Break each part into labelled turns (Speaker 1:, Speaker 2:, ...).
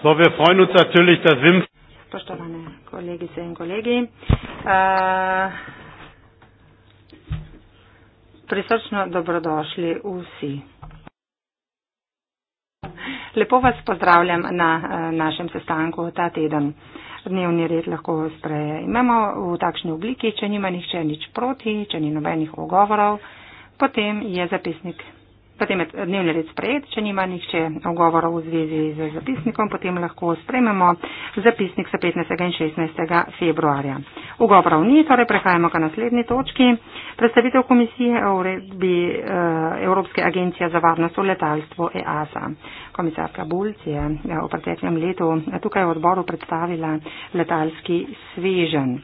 Speaker 1: So, wir freuen uns natürlich, dass Wim. Poštovane kolegice in kolegi, uh, prisrčno dobrodošli vsi. Lepo vas pozdravljam na uh, našem sestanku ta teden. Dnevni red lahko sprejmemo v takšni obliki, če nima nihče nič proti, če ni nobenih ogovorov, potem je zapisnik potem je dnevni red sprejet, če nima nihče ogovorov v zvezi z zapisnikom, potem lahko sprememo zapisnik za 15. in 16. februarja. Ugovorov ni, torej prehajamo ka naslednji točki. Predstavitev komisije o uredbi eh, Evropske agencije za varnost v letalstvu EASA. Komisarka Bulc je eh, v preteklem letu tukaj v odboru predstavila letalski svežen.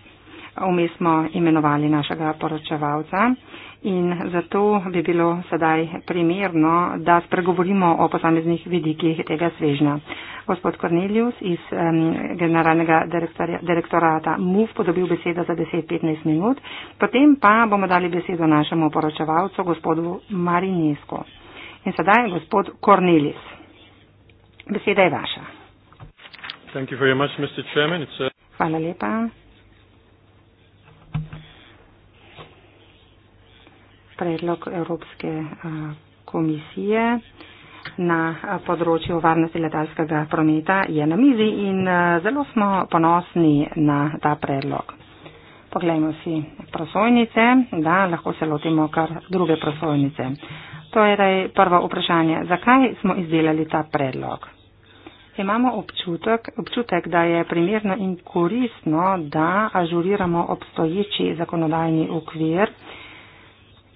Speaker 1: Vmes smo imenovali našega poročevalca In zato bi bilo sedaj primerno, da spregovorimo o posameznih vidikih tega svežna. Gospod Cornelius iz um, generalnega direktorata MUF podobil besedo za 10-15 minut, potem pa bomo dali besedo našemu poročevalcu, gospodu Marinesku. In sedaj gospod Cornelius. Beseda je vaša. Much, Hvala lepa. predlog Evropske eh, komisije na eh, področju varnosti letalskega prometa je na mizi in eh, zelo smo ponosni na ta predlog. Poglejmo si prosojnice, da lahko se lotimo kar druge prosojnice. To je torej prvo vprašanje, zakaj smo izdelali ta predlog. Imamo občutek, občutek, da je primerno in koristno, da ažuriramo obstoječi zakonodajni okvir,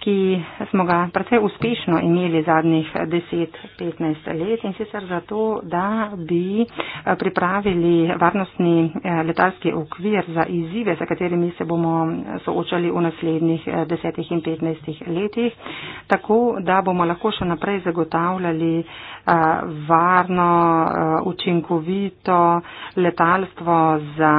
Speaker 1: ki smo ga precej uspešno imeli zadnjih 10-15 let in sicer zato, da bi eh, pripravili varnostni eh, letalski okvir za izzive, za katerimi se bomo eh, soočali v naslednjih 10 in 15 letih, tako da bomo lahko še naprej zagotavljali varno, učinkovito letalstvo za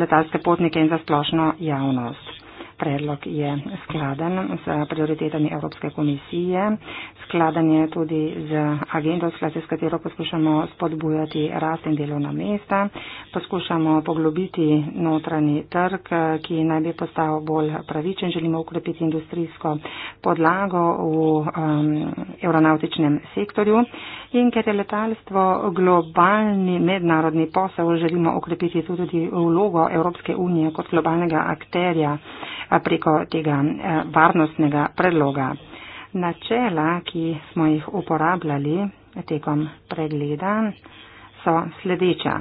Speaker 1: letalske potnike in za splošno javnost predlog je skladen s prioritetami Evropske komisije, skladen je tudi z agendo, s katero poskušamo spodbujati rast in delovna mesta, poskušamo poglobiti notranji trg, ki naj bi postal bolj pravičen, želimo ukrepiti industrijsko podlago v um, evronautičnem sektorju in ker je letalstvo globalni mednarodni posel, želimo ukrepiti tudi vlogo Evropske unije kot globalnega akterja preko tega eh, varnostnega predloga. Načela, ki smo jih uporabljali tekom pregleda, so sledeča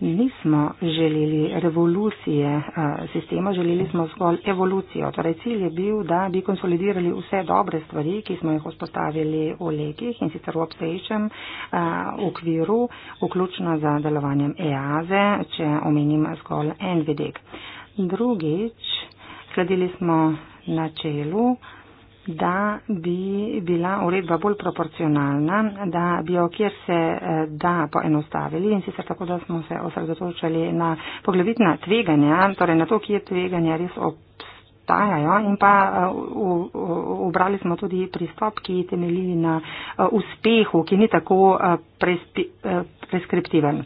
Speaker 1: nismo želeli revolucije eh, sistema, želeli smo zgolj evolucijo. Torej, cilj je bil, da bi konsolidirali vse dobre stvari, ki smo jih vzpostavili v letih in sicer v obstoječem eh, okviru, vključno z delovanjem EAZE, e, če omenim zgolj en vidik. Drugič, sledili smo načelu, da bi bila uredba bolj proporcionalna, da bi jo kjer se eh, da poenostavili in sicer tako, da smo se osredotočali na poglavitna tveganja, torej na to, kje tveganja res obstajajo in pa obrali eh, smo tudi pristop, ki temelji na eh, uspehu, ki ni tako prespi, preskriptiven.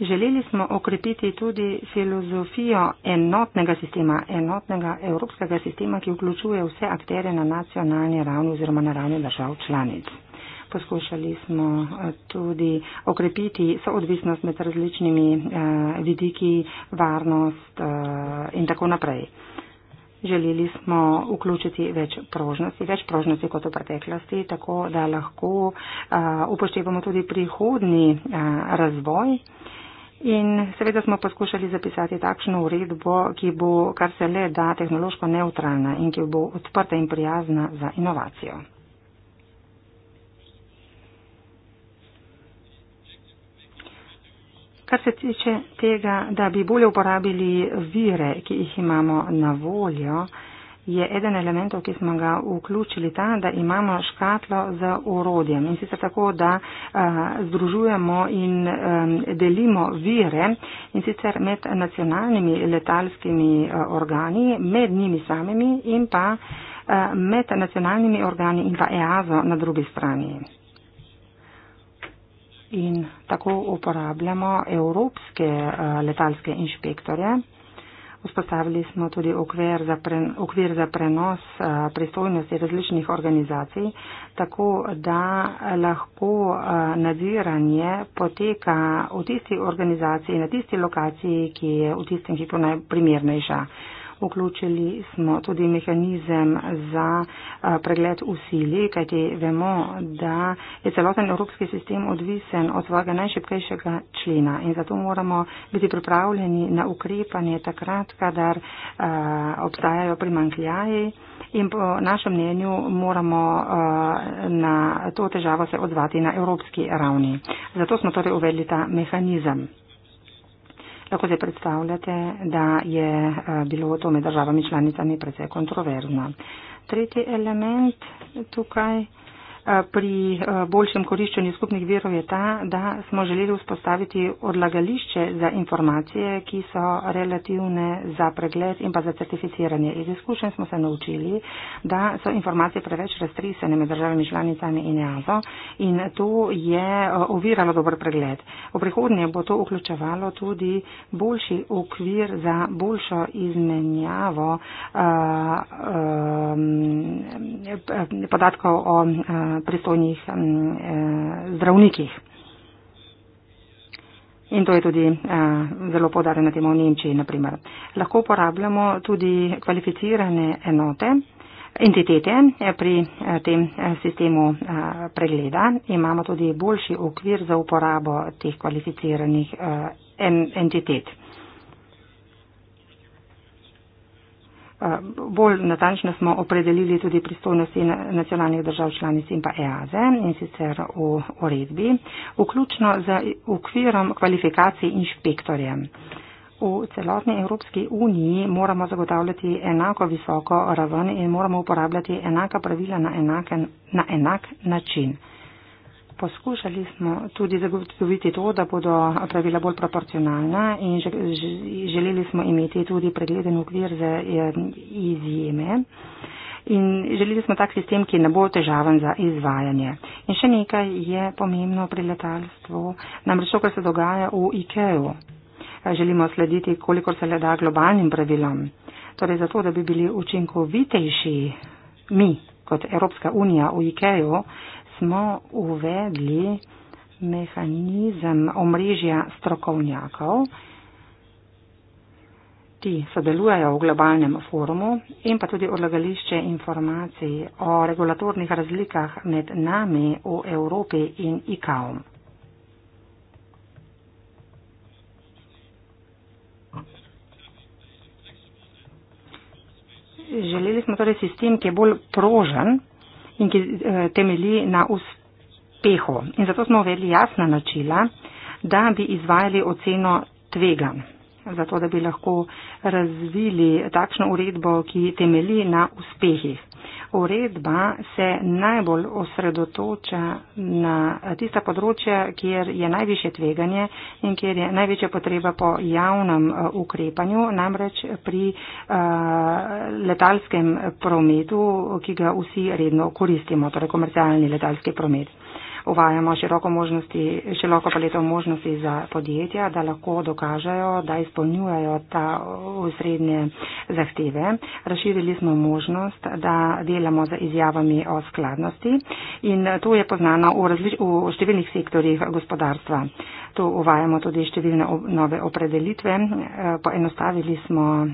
Speaker 1: Želeli smo okrepiti tudi filozofijo enotnega sistema, enotnega evropskega sistema, ki vključuje vse akterje na nacionalni ravni oziroma na ravni držav članic. Poskušali smo eh, tudi okrepiti soodvisnost med različnimi eh, vidiki, varnost eh, in tako naprej. Želeli smo vključiti več prožnosti, več prožnosti kot v preteklosti, tako da lahko eh, upoštevamo tudi prihodni eh, razvoj. In seveda smo poskušali zapisati takšno uredbo, ki bo kar se le da tehnološko neutralna in ki bo odprta in prijazna za inovacijo. Kar se tiče tega, da bi bolje uporabili vire, ki jih imamo na voljo, je eden elementov, ki smo ga vključili, ta, da imamo škatlo z orodjem in sicer tako, da eh, združujemo in delimo vire in sicer med nacionalnimi letalskimi eh, organi, med njimi samimi in pa eh, med nacionalnimi organi in pa EASO na drugi strani. In tako uporabljamo evropske letalske inšpektorje. Vzpostavili smo tudi okvir za, pre, okvir za prenos eh, pristojnosti različnih organizacij, tako da lahko eh, nadziranje poteka v tisti organizaciji, na tisti lokaciji, ki je v tistem hipu najprimernejša. Vključili smo tudi mehanizem za eh, pregled usili, kajti vemo, da je celoten evropski sistem odvisen od svojega najšipkejšega člena in zato moramo biti pripravljeni na ukrepanje takrat, kadar eh, obstajajo primankljaji. In po našem mnenju moramo eh, na to težavo se odzvati na evropski ravni. Zato smo torej uvedli ta mehanizem. Lahko se predstavljate, da je eh, bilo to med državami članicami precej kontroverzno. Tretji element tukaj pri boljšem koriščenju skupnih virov je ta, da smo želeli vzpostaviti odlagališče za informacije, ki so relativne za pregled in pa za certificiranje. Iz izkušenj smo se naučili, da so informacije preveč raztrisene med državami članicami in EASO in to je oviralo dober pregled. V prihodnje bo to vključevalo tudi boljši okvir za boljšo izmenjavo uh, um, podatkov o uh, pristojnih eh, zdravnikih. In to je tudi eh, zelo podarjeno temu v Nemčiji, naprimer. Lahko uporabljamo tudi kvalificirane enote, entitete eh, pri tem sistemu pregleda. Imamo tudi boljši okvir za uporabo teh kvalificiranih entitet. En bolj natančno smo opredelili tudi pristojnosti nacionalnih držav članic in pa EAZE in sicer v uredbi, vključno z okvirom kvalifikacij inšpektorjem. V celotni Evropski uniji moramo zagotavljati enako visoko raven in moramo uporabljati enaka pravila na, enake, na enak način. Poskušali smo tudi zagotoviti to, da bodo pravila bolj proporcionalna in želeli smo imeti tudi pregleden okvir za ja, izjeme. In želeli smo tak sistem, ki ne bo težaven za izvajanje. In še nekaj je pomembno pri letalstvu, namreč to, kar se dogaja v IKEA. Želimo slediti, kolikor se le da globalnim pravilom. Torej, zato, da bi bili učinkovitejši mi kot Evropska unija v IKEA, smo uvedli mehanizem omrežja strokovnjakov, ki sodelujejo v globalnem forumu in pa tudi odlagališče informacij o regulatornih razlikah med nami v Evropi in ICAO. Želeli smo torej sistem, ki je bolj prožen in ki eh, temelji na uspehu. In zato smo uvedli jasna načela, da bi izvajali oceno tvegan, zato da bi lahko razvili takšno uredbo, ki temelji na uspehih uredba se najbolj osredotoča na tista področja, kjer je najviše tveganje in kjer je največja potreba po javnem eh, ukrepanju, namreč pri eh, letalskem prometu, ki ga vsi redno koristimo, torej komercialni letalski promet uvajamo široko, možnosti, široko paleto možnosti za podjetja, da lahko dokažejo, da izpolnjujejo ta usrednje zahteve. Razširili smo možnost, da delamo z izjavami o skladnosti in to je poznano v, različ, v številnih sektorjih gospodarstva. Tu uvajamo tudi številne nove opredelitve, eh, poenostavili smo eh,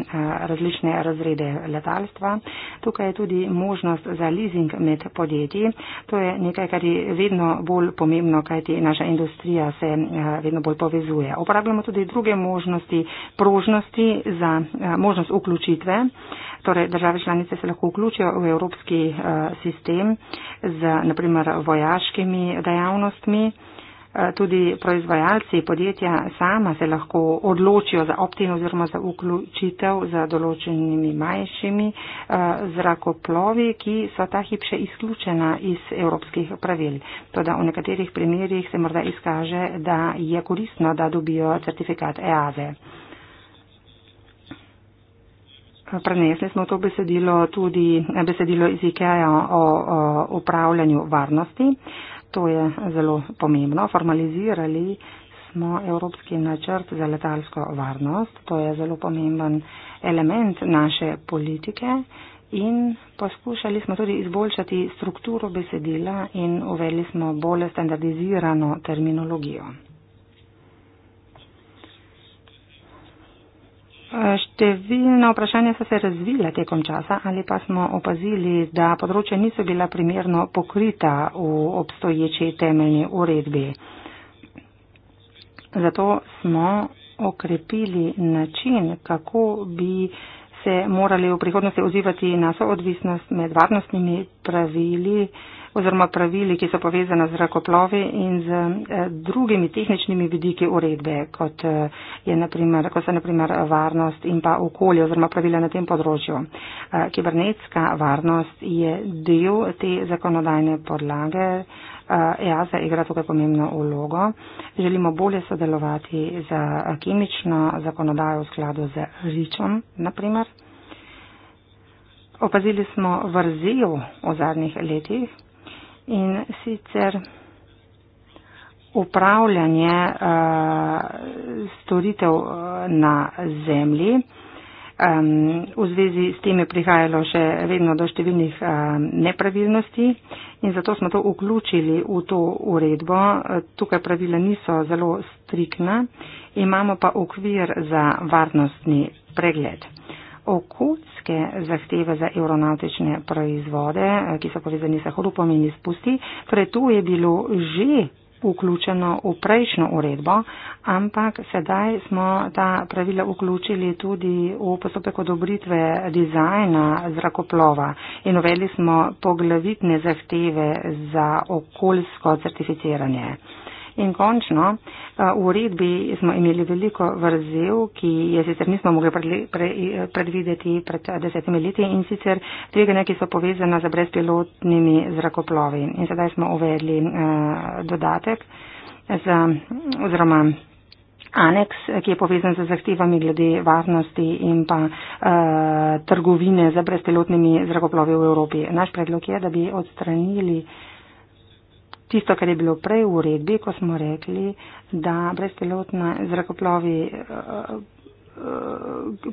Speaker 1: različne razrede letalstva. Tukaj je tudi možnost za leasing med podjetji. To je nekaj, kar je vedno bolj pomembno, kajti naša industrija se eh, vedno bolj povezuje. Uporabljamo tudi druge možnosti, prožnosti za eh, možnost vključitve. Torej, države članice se lahko vključijo v evropski eh, sistem z naprimer vojaškimi dejavnostmi. Eh, tudi proizvajalci podjetja sama se lahko odločijo za optin oziroma za vključitev za določenimi manjšimi eh, zrakoplovi, ki so ta hip še izključena iz evropskih pravil. Toda v nekaterih primerjih se morda izkaže, da je koristno, da dobijo certifikat EAVE. Prenesli smo to besedilo tudi besedilo iz IKEA o, o upravljanju varnosti to je zelo pomembno. Formalizirali smo evropski načrt za letalsko varnost. To je zelo pomemben element naše politike in poskušali smo tudi izboljšati strukturo besedila in uvedli smo bolj standardizirano terminologijo. Številna vprašanja so se razvila tekom časa ali pa smo opazili, da področja niso bila primerno pokrita v obstoječi temeljni uredbi. Zato smo okrepili način, kako bi se morali v prihodnosti odzivati na soodvisnost med varnostnimi pravili oziroma pravili, ki so povezana z rakoplovi in z eh, drugimi tehničnimi vidiki uredbe, kot, eh, naprimer, kot so naprimer eh, varnost in pa okolje oziroma pravila na tem področju. Kibernetska varnost je del te zakonodajne podlage. EASA igra tukaj pomembno vlogo. Želimo bolje sodelovati za kemično zakonodajo v skladu z ričom, naprimer. Opazili smo vrzel v zadnjih letih, in sicer upravljanje uh, storitev eh, na zemlji. Um, v zvezi s tem je prihajalo še vedno do številnih um, nepravilnosti in zato smo to vključili v to uredbo. Tukaj pravila niso zelo strikna, imamo pa okvir za varnostni pregled okoljske zahteve za aeronautične proizvode, ki so povezani s hrupom in izpusti, torej to je bilo že vključeno v prejšnjo uredbo, ampak sedaj smo ta pravila vključili tudi v postopek odobritve dizajna zrakoplova in uvedli smo poglavitne zahteve za okoljsko certificiranje. In končno, eh, v uredbi smo imeli veliko vrzel, ki je sicer nismo mogli predvideti pred eh, desetimi leti in sicer tvegane, ki so povezane z brezpilotnimi zrakoplovi. In sedaj smo uvedli eh, dodatek za, oziroma. Aneks, ki je povezan z zahtevami glede varnosti in pa uh, trgovine za brezpilotnimi zrakoplovi v Evropi. Naš predlog je, da bi odstranili uh, tisto, kar je bilo prej v uredbi, ko smo rekli, da brezpilotne zrakoplovi eh, eh,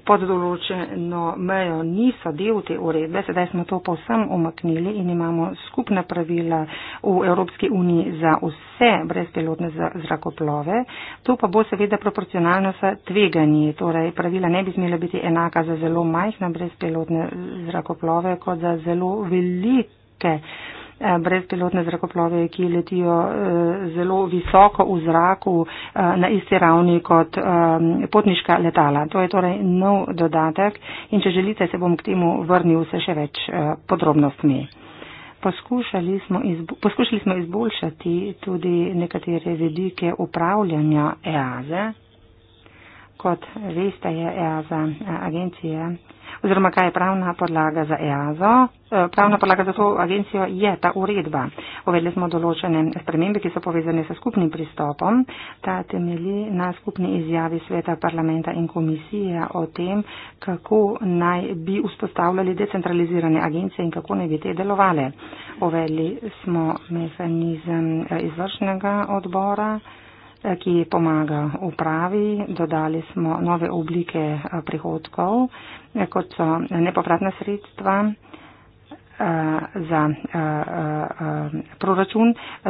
Speaker 1: pod določeno mejo niso del te uredbe. Sedaj smo to povsem omaknili in imamo skupna pravila v Evropski uniji za vse brezpilotne zrakoplove. To pa bo seveda proporcionalno sa tveganji. Torej, pravila ne bi smela biti enaka za zelo majhne brezpilotne zrakoplove kot za zelo velike. Eh, brezpilotne zrakoplove, ki letijo eh, zelo visoko v zraku eh, na isti ravni kot potniška letala. To je torej nov dodatek in če želite, se bom k temu vrnil se še več podrobnostmi. Poskušali smo, izbo poskušali smo izboljšati tudi nekatere vedike upravljanja EAZE kot veste, je EASA agencija oziroma kaj je pravna podlaga za EASO. Eh, pravna podlaga za to agencijo je ta uredba. Uvedli smo določene spremembe, ki so povezane s skupnim pristopom. Ta temelji na skupni izjavi sveta parlamenta in komisije o tem, kako naj bi vzpostavljali decentralizirane agencije in kako naj bi te delovale. Uvedli smo mehanizem eh, izvršnega odbora. Eh, ki pomaga upravi. Dodali smo nove oblike eh, prihodkov, eh, kot so nepovratna sredstva za proračun.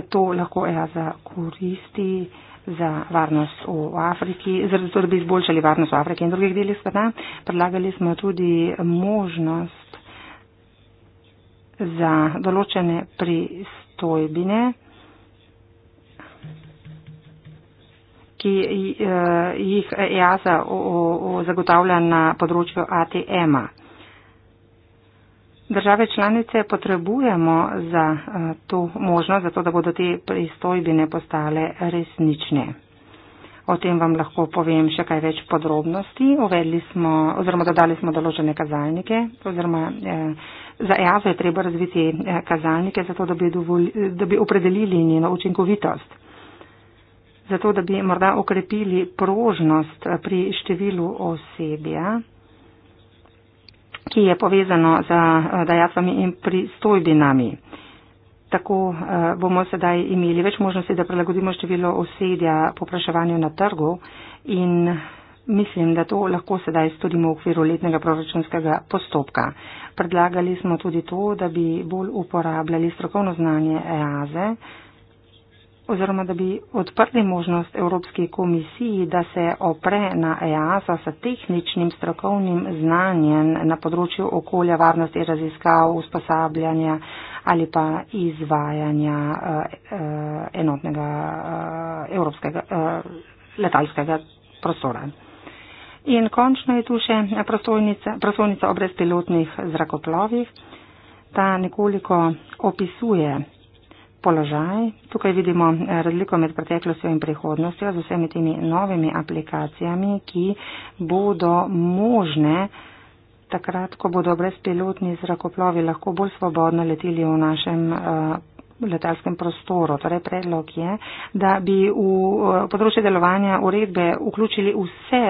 Speaker 1: To lahko EASA koristi za varnost v Afriki, zato da bi izboljšali varnost v Afriki in drugih delih sveta. Predlagali smo tudi možnost za določene pristojbine ki eh, jih EASA zagotavlja na področju ATM-a. E Države članice potrebujemo za eh, to možnost, zato da bodo te pristojbine postale resnične. O tem vam lahko povem še kaj več podrobnosti. Uvedli smo oziroma dodali smo določene kazalnike oziroma eh, za EASO je treba razviti eh, kazalnike, zato da bi, dovolj, da bi opredelili njeno učinkovitost zato da bi morda okrepili prožnost pri številu osebja, ki je povezano z eh, dajatvami in pristojbinami. Tako eh, bomo sedaj imeli več možnosti, da prilagodimo število osebja popraševanju na trgu in mislim, da to lahko sedaj storimo v okviru letnega proračunskega postopka. Predlagali smo tudi to, da bi bolj uporabljali strokovno znanje EAZE oziroma da bi odprli možnost Evropske komisiji, da se opre na EASA s tehničnim strokovnim znanjem na področju okolja, varnosti, raziskav, usposabljanja ali pa izvajanja eh, eh, enotnega eh, evropskega letalskega prostora. In končno je tu še prosovnica o brezpilotnih zrakoplovih. Ta nekoliko opisuje položaj. Tukaj vidimo eh, razliko med preteklostjo in prihodnostjo z vsemi temi novimi aplikacijami, ki bodo možne takrat, ko bodo brezpilotni zrakoplovi lahko bolj svobodno leteli v našem uh, letalskem prostoru. Torej, predlog je, da bi v eh, področje delovanja uredbe vključili vse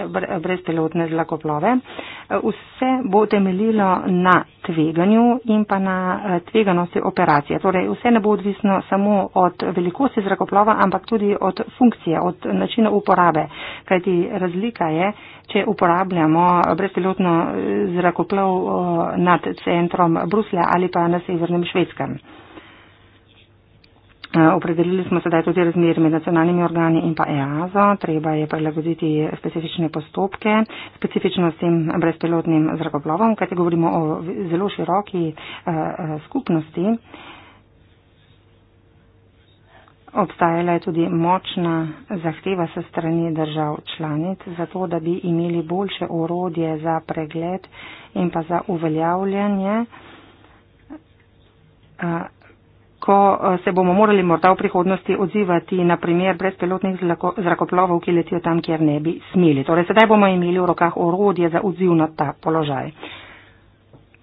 Speaker 1: brezpilotne zlakoplove. Eh, vse bo temeljilo na tveganju in pa na eh, tveganosti operacije. Torej, vse ne bo odvisno samo od velikosti zrakoplova, ampak tudi od funkcije, od načina uporabe. Kajti razlika je, če uporabljamo brezpilotno zrakoplov nad centrom Bruslja ali pa na severnem Švedskem. Eh, opredelili smo sedaj tudi razmeri med nacionalnimi organi in pa EASO. Treba je prilagoditi specifične postopke, specifično s tem brezpilotnim zrakoplovom, kajti govorimo o zelo široki eh, eh, skupnosti. Obstajala je tudi močna zahteva se strani držav članic za to, da bi imeli boljše orodje za pregled in pa za uveljavljanje ko eh, se bomo morali morda v prihodnosti odzivati na primer brezpilotnih zrakoplovov, ki letijo tam, kjer ne bi smeli. Torej, sedaj bomo imeli v rokah orodje za odziv na ta položaj.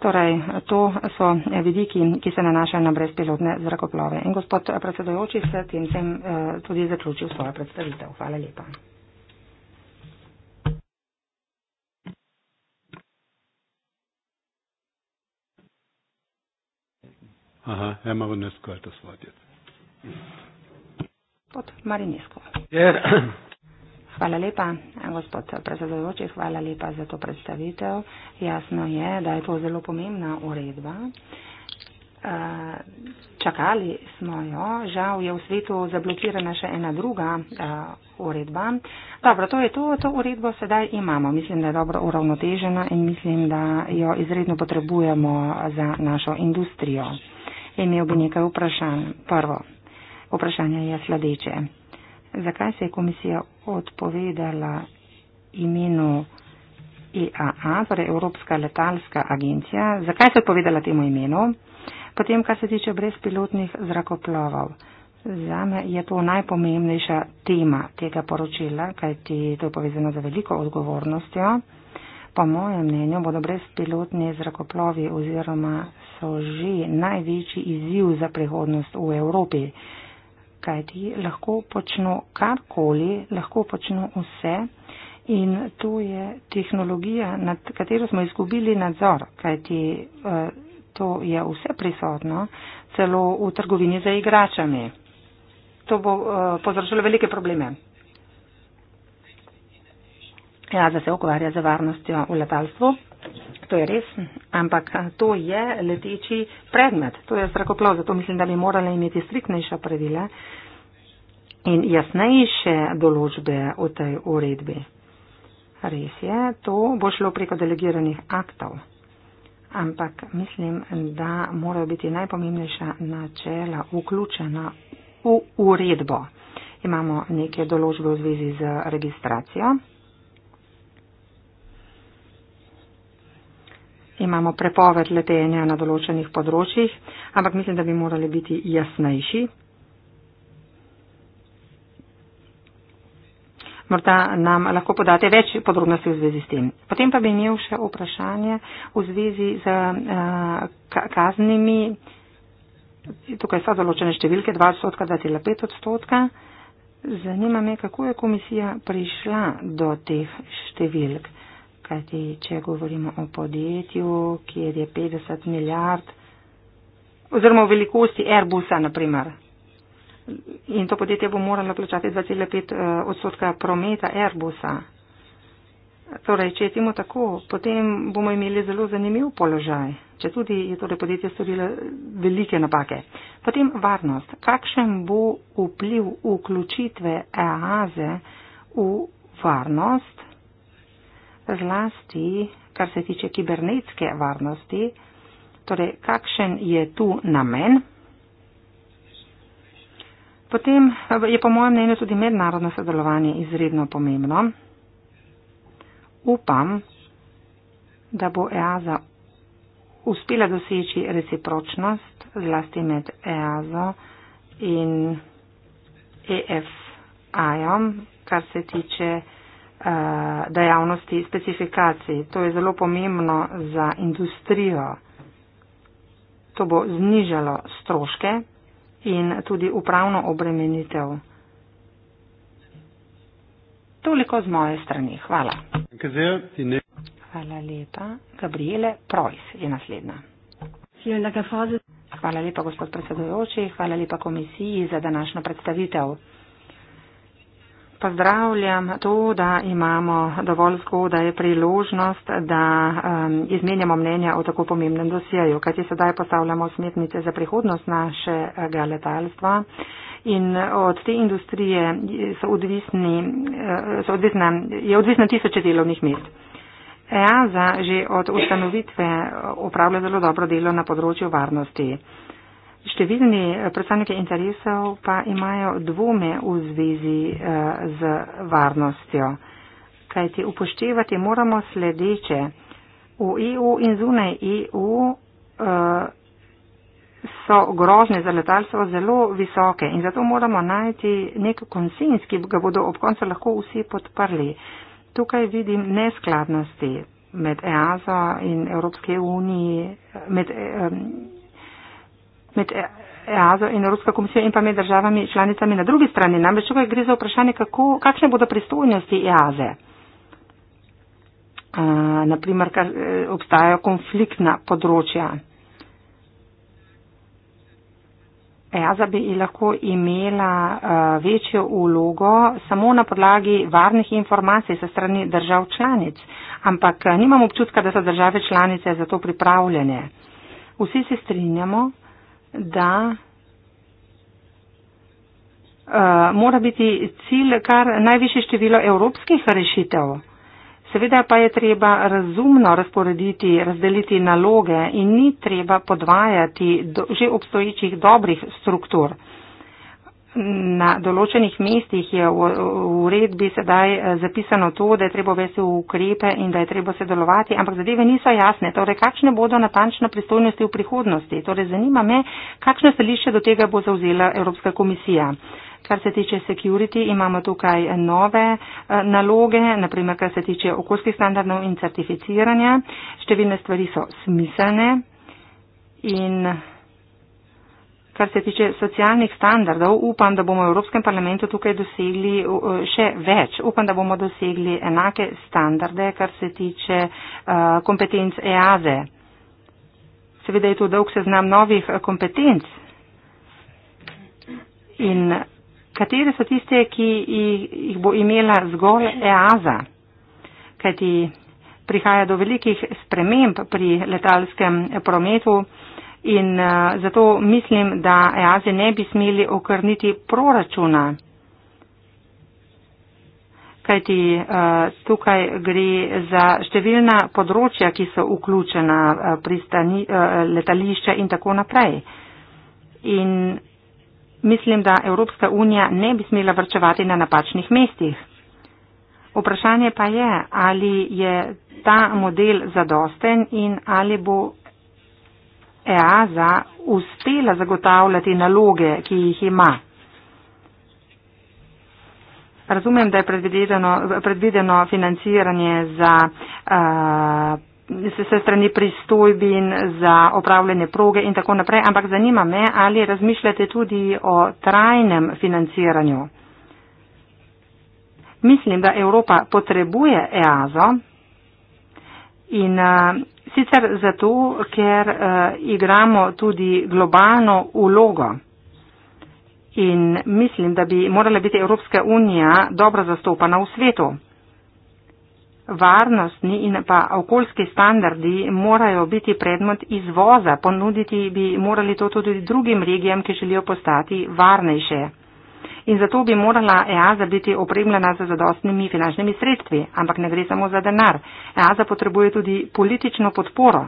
Speaker 1: Torej, to so vidiki, ki se nanašajo na brezpilotne zrakoplove. In gospod eh, predsedojoči, s tem sem eh, tudi zaključil svojo predstavitev. Hvala lepa. Aha, Herr Marinescu hat das Wort jetzt. Gut, Marinescu. Ja. Hvala lepa, gospod predsedujoči, hvala lepa za to predstavitev. Jasno je, da je to zelo pomembna uredba. Eh, čakali smo jo, žal je v svetu zablokirana še ena druga eh, uredba. Dobro, to je to, to uredbo sedaj imamo. Mislim, da je dobro uravnotežena in mislim, da jo izredno potrebujemo za našo industrijo imel bi nekaj vprašanj. Prvo vprašanje je sledeče. Zakaj se je komisija odpovedala imenu EAA, torej Evropska letalska agencija? Zakaj se je odpovedala temu imenu? Potem, kar se tiče brezpilotnih zrakoplovov. Za me je to najpomembnejša tema tega poročila, kajti to je povezano z veliko odgovornostjo. Po mojem mnenju bodo brezpilotni zrakoplovi oziroma so že največji izziv za prihodnost v Evropi. Kajti lahko počno karkoli, lahko počno vse in to je tehnologija, nad katero smo izgubili nadzor. Kajti eh, to je vse prisotno, celo v trgovini za igračami. To bo eh, povzročilo velike probleme. Ja, da se ukvarja z varnostjo v letalstvu. To je res, ampak to je leteči predmet, to je zrakoplov, zato mislim, da bi morali imeti striknejša pravila in jasnejše določbe v tej uredbi. Res je, to bo šlo preko delegiranih aktov, ampak mislim, da morajo biti najpomembnejša načela vključena v uredbo. Imamo neke določbe v zvezi z registracijo. imamo prepoved letenja na določenih področjih, ampak mislim, da bi morali biti jasnejši. Morda nam lahko podate več podrobnosti v zvezi s tem. Potem pa bi imel še vprašanje v zvezi z eh, kaznimi. Tukaj so določene številke, 2 odstotka, 2,5 odstotka. Zanima me, kako je komisija prišla do teh številk. Kajti, če govorimo o podjetju, kjer je 50 milijard, oziroma o velikosti Airbusa, naprimer, in to podjetje bo moralo plačati 2,5 eh, odstotka prometa Airbusa. Torej, če je temu tako, potem bomo imeli zelo zanimiv položaj, če tudi je torej podjetje storilo velike napake. Potem varnost. Kakšen bo vpliv vključitve EASE v varnost zlasti, kar se tiče kibernetske varnosti, torej kakšen je tu namen. Potem eh, je po mojem mnenju tudi mednarodno sodelovanje izredno pomembno. Upam, da bo EASA uspela doseči recipročnost zlasti med EASO in EFI-om, kar se tiče Eh, dejavnosti specifikacij. To je zelo pomembno za industrijo. To bo znižalo stroške in tudi upravno obremenitev. Toliko z moje strani. Hvala. Hvala lepa. Gabriele Preuss je naslednja. Hvala lepa, gospod predsedujoči. Hvala lepa komisiji za današnjo predstavitev. Pozdravljam to, da imamo dovolj zgodaj priložnost, da um, izmenjamo mnenja o tako pomembnem dosjeju, kajti sedaj postavljamo smetnice za prihodnost našega letalstva. In od te industrije so odvisni, eh, so odvisna, je odvisno tisoče delovnih mest. EASA že od ustanovitve upravlja zelo dobro delo na področju varnosti. Številni eh, predstavniki interesov pa imajo dvome v zvezi eh, z varnostjo. Kajti upoštevati moramo sledeče. V EU in zunaj EU eh, so grožne za letalstvo zelo visoke in zato moramo najti nek konsens, ki ga bodo ob koncu lahko vsi podprli. Tukaj vidim neskladnosti med EASO in Evropske unije, med. Um, med e- EASO in Evropsko komisijo in pa med državami članicami na drugi strani. Namreč tukaj gre za vprašanje, kako, kakšne bodo pristojnosti EASE. Uh, naprimer, kar uh, obstajajo konfliktna področja. EASA bi lahko imela uh, večjo ulogo samo na podlagi varnih informacij se strani držav članic, ampak uh, nimam občutka, da so države članice za to pripravljene. Vsi se strinjamo, da uh, mora biti cilj kar najviše število evropskih rešitev. Seveda pa je treba razumno razporediti, razdeliti naloge in ni treba podvajati do, že obstoječih dobrih struktur. Uh, na določenih mestih je v uredbi sedaj eh, zapisano to, da je treba vesti v ukrepe in da je treba sodelovati, ampak zadeve niso jasne. Torej, kakšne bodo natančne pristojnosti v prihodnosti? Torej, zanima me, kakšno stališče do tega bo zauzela Evropska komisija. Kar se tiče security, imamo tukaj nove eh, naloge, naprimer, kar se tiče okoljskih standardov in certificiranja. Številne stvari so smiselne in. Kar se tiče socialnih standardov, upam, da bomo v Evropskem parlamentu tukaj dosegli uh, uh, še več. Upam, da bomo dosegli enake standarde, kar se tiče uh, kompetenc EAZE. Seveda je to dolg seznam novih kompetenc. In katere so tiste, ki jih bo imela zgolj EAZA? Kajti prihaja do velikih sprememb pri letalskem prometu in uh, zato mislim, da EASE ne bi smeli okrniti proračuna. Kajti eh, tukaj gre za številna področja, ki so vključena, eh, pristani, letališča in tako naprej. In mislim, da Evropska unija ne bi smela vrčevati na napačnih mestih. Vprašanje pa je, ali je ta model zadosten in ali bo EASA uspela zagotavljati naloge, ki jih ima. Razumem, da je predvideno, predvideno financiranje za, uh, eh, se strani pristojbin za opravljanje proge in tako naprej, ampak zanima me, ali razmišljate tudi o trajnem financiranju. Mislim, da Evropa potrebuje EASO in uh, sicer zato, ker uh, igramo tudi globalno ulogo. In mislim, da bi morala biti Evropska unija dobro zastopana v svetu. Varnostni in pa okoljski standardi morajo biti predmet izvoza, ponuditi bi morali to tudi drugim regijam, ki želijo postati varnejše in zato bi morala EASA biti opremljena z zadostnimi finančnimi sredstvi, ampak ne gre samo za denar. EASA potrebuje tudi politično podporo.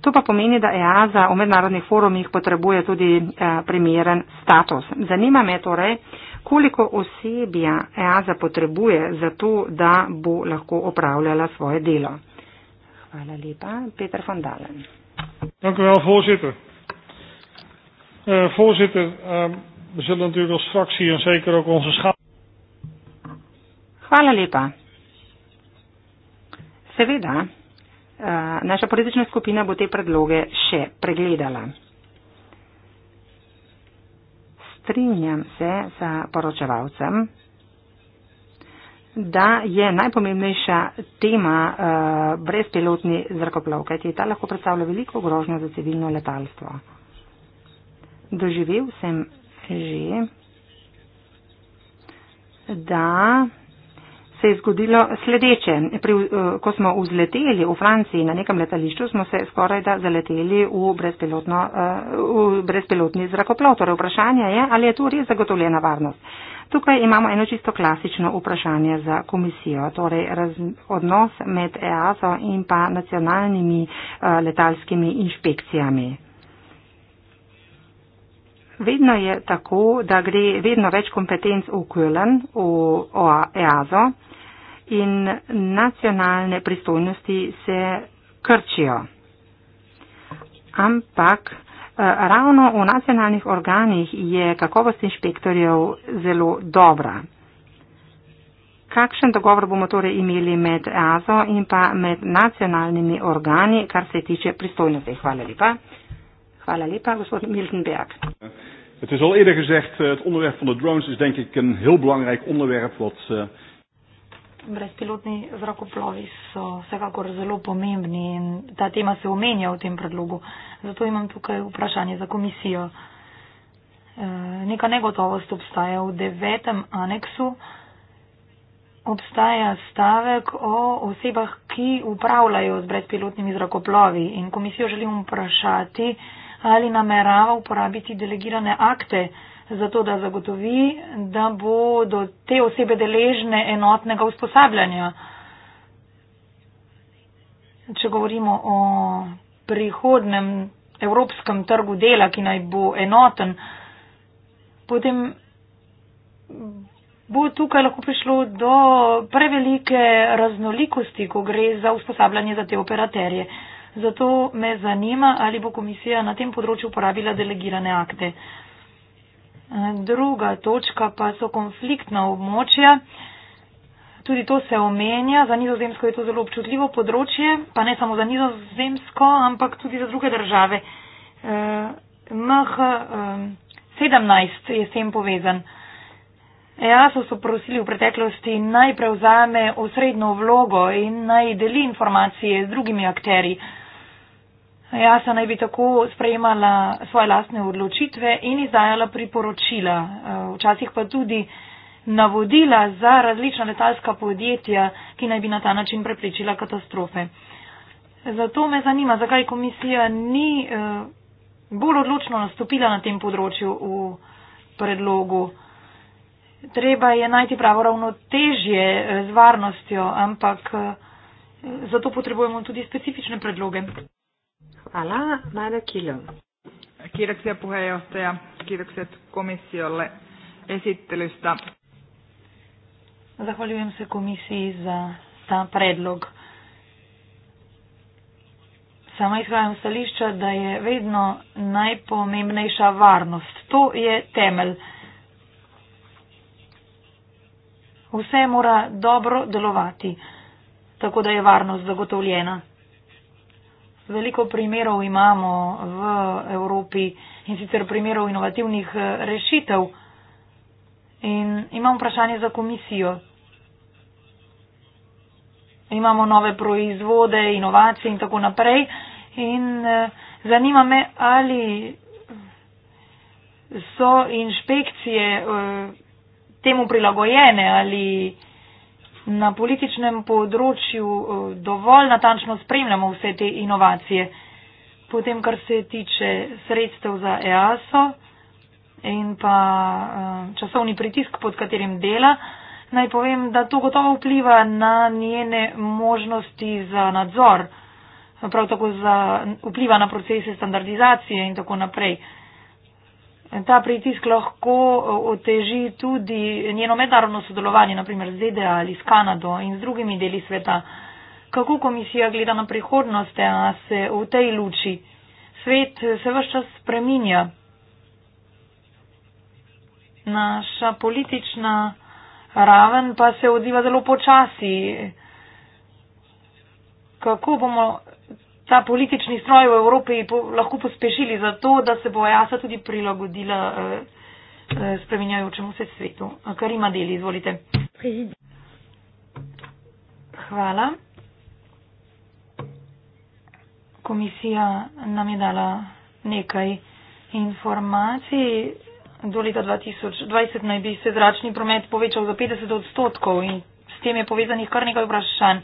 Speaker 1: To pa pomeni, da EASA v mednarodnih forumih potrebuje tudi eh, primeren status. Zanima me torej, koliko osebja EASA potrebuje za to, da bo lahko opravljala svoje delo. Hvala lepa. Peter von Dalen. Dank u wel, voorzitter. Eh, voorzitter, uh, we zullen natuurlijk als fractie en zeker ook onze schaal. Hvala lepa. Seveda, eh, naša politična skupina bo te predloge še pregledala. Strinjam se s poročevalcem, da je najpomembnejša tema eh, brezpilotni zrakoplov, kajti ta lahko predstavlja veliko grožnjo za civilno letalstvo doživel sem že, da se je zgodilo sledeče. Pri, eh, ko smo vzleteli v Franciji na nekem letališču, smo se skoraj da zaleteli v, eh, v brezpilotni zrakoplov. Torej vprašanje je, ali je tu res zagotovljena varnost. Tukaj imamo eno čisto klasično vprašanje za komisijo, torej raz, odnos med EASO in pa nacionalnimi uh, letalskimi inšpekcijami. Vedno je tako, da gre vedno več kompetenc v Köln, v EASO in nacionalne pristojnosti se krčijo. Ampak eh, ravno v nacionalnih organih je kakovost inšpektorjev zelo dobra. Kakšen dogovor bomo torej imeli med EASO in pa med nacionalnimi organi, kar se tiče pristojnosti? Hvala lepa. Hvala lepa, gospod Miltenberg. Het is al eerder gezegd, eh, het onderwerp van de drones is denk ik een heel belangrijk onderwerp wat. Eh,
Speaker 2: Brezpilotni zrakoplovi so vsekakor zelo pomembni in ta tema se omenja v tem predlogu. Zato imam tukaj vprašanje za komisijo. E, neka negotovost obstaja v devetem aneksu. Obstaja stavek o osebah, ki upravljajo z brezpilotnimi zrakoplovi in komisijo želim vprašati, ali namerava uporabiti delegirane akte za to, da zagotovi, da bodo te osebe deležne enotnega usposabljanja. Če govorimo o prihodnem evropskem trgu dela, ki naj bo enoten, potem bo tukaj lahko prišlo do prevelike raznolikosti, ko gre za usposabljanje za te operaterje. Uh, Zato me zanima, ali bo komisija na tem področju uporabila delegirane akte. E, druga točka pa so konfliktna območja. Tudi to se omenja. Za nizozemsko je to zelo občutljivo področje, pa ne samo za nizozemsko, ampak tudi za druge države. E, MH17 e, je s tem povezan. EASO so prosili v preteklosti naj prevzame osrednjo vlogo in naj deli informacije z drugimi akteri. Jasa naj bi tako sprejemala svoje lastne odločitve in izdajala priporočila, eh, včasih pa tudi navodila za različna letalska podjetja, ki naj bi na ta način preprečila katastrofe. Zato me zanima, zakaj komisija ni eh, bolj odločno nastopila na tem področju v predlogu. Treba je najti pravo ravnotežje eh, z varnostjo, ampak zato potrebujemo tudi specifične predloge.
Speaker 1: Ala Maida Kilon. Kiitoksia puheenjohtaja. Kiitokset komissiolle esittelystä. Zahvaljujem se komisiji
Speaker 2: za ta predlog. Sama izhajam stališča, da je vedno najpomembnejša varnost. To je temelj. Vse mora dobro delovati, tako da je varnost zagotovljena. Veliko primerov imamo v Evropi in sicer primerov inovativnih eh, rešitev. In imam vprašanje za komisijo. Imamo nove proizvode, inovacije in tako naprej. In eh, zanima me, ali so inšpekcije eh, temu prilagojene ali na političnem področju eh, dovolj natančno spremljamo vse te inovacije. Potem, kar se tiče sredstev za EASO in pa eh, časovni pritisk, pod katerim dela, naj povem, da to gotovo vpliva na njene možnosti za nadzor, prav tako za, vpliva na procese standardizacije in tako naprej. In ta pritisk lahko eh, oteži tudi njeno mednarodno sodelovanje, naprimer z ZDA ali s Kanado in z drugimi deli sveta. Kako komisija gleda na prihodnost, a se v tej luči? Svet se vse čas spreminja. Naša politična raven pa se odziva zelo počasi. Kako bomo ta politični stroj v Evropi po, lahko pospešili zato, da se bo jasa tudi prilagodila eh, eh, spreminjajočemu se svetu. Kar ima deli, izvolite. Hvala. Komisija nam je dala nekaj informacij. Do leta 2020 naj bi se zračni promet povečal za 50 odstotkov in s tem je povezanih kar nekaj vprašanj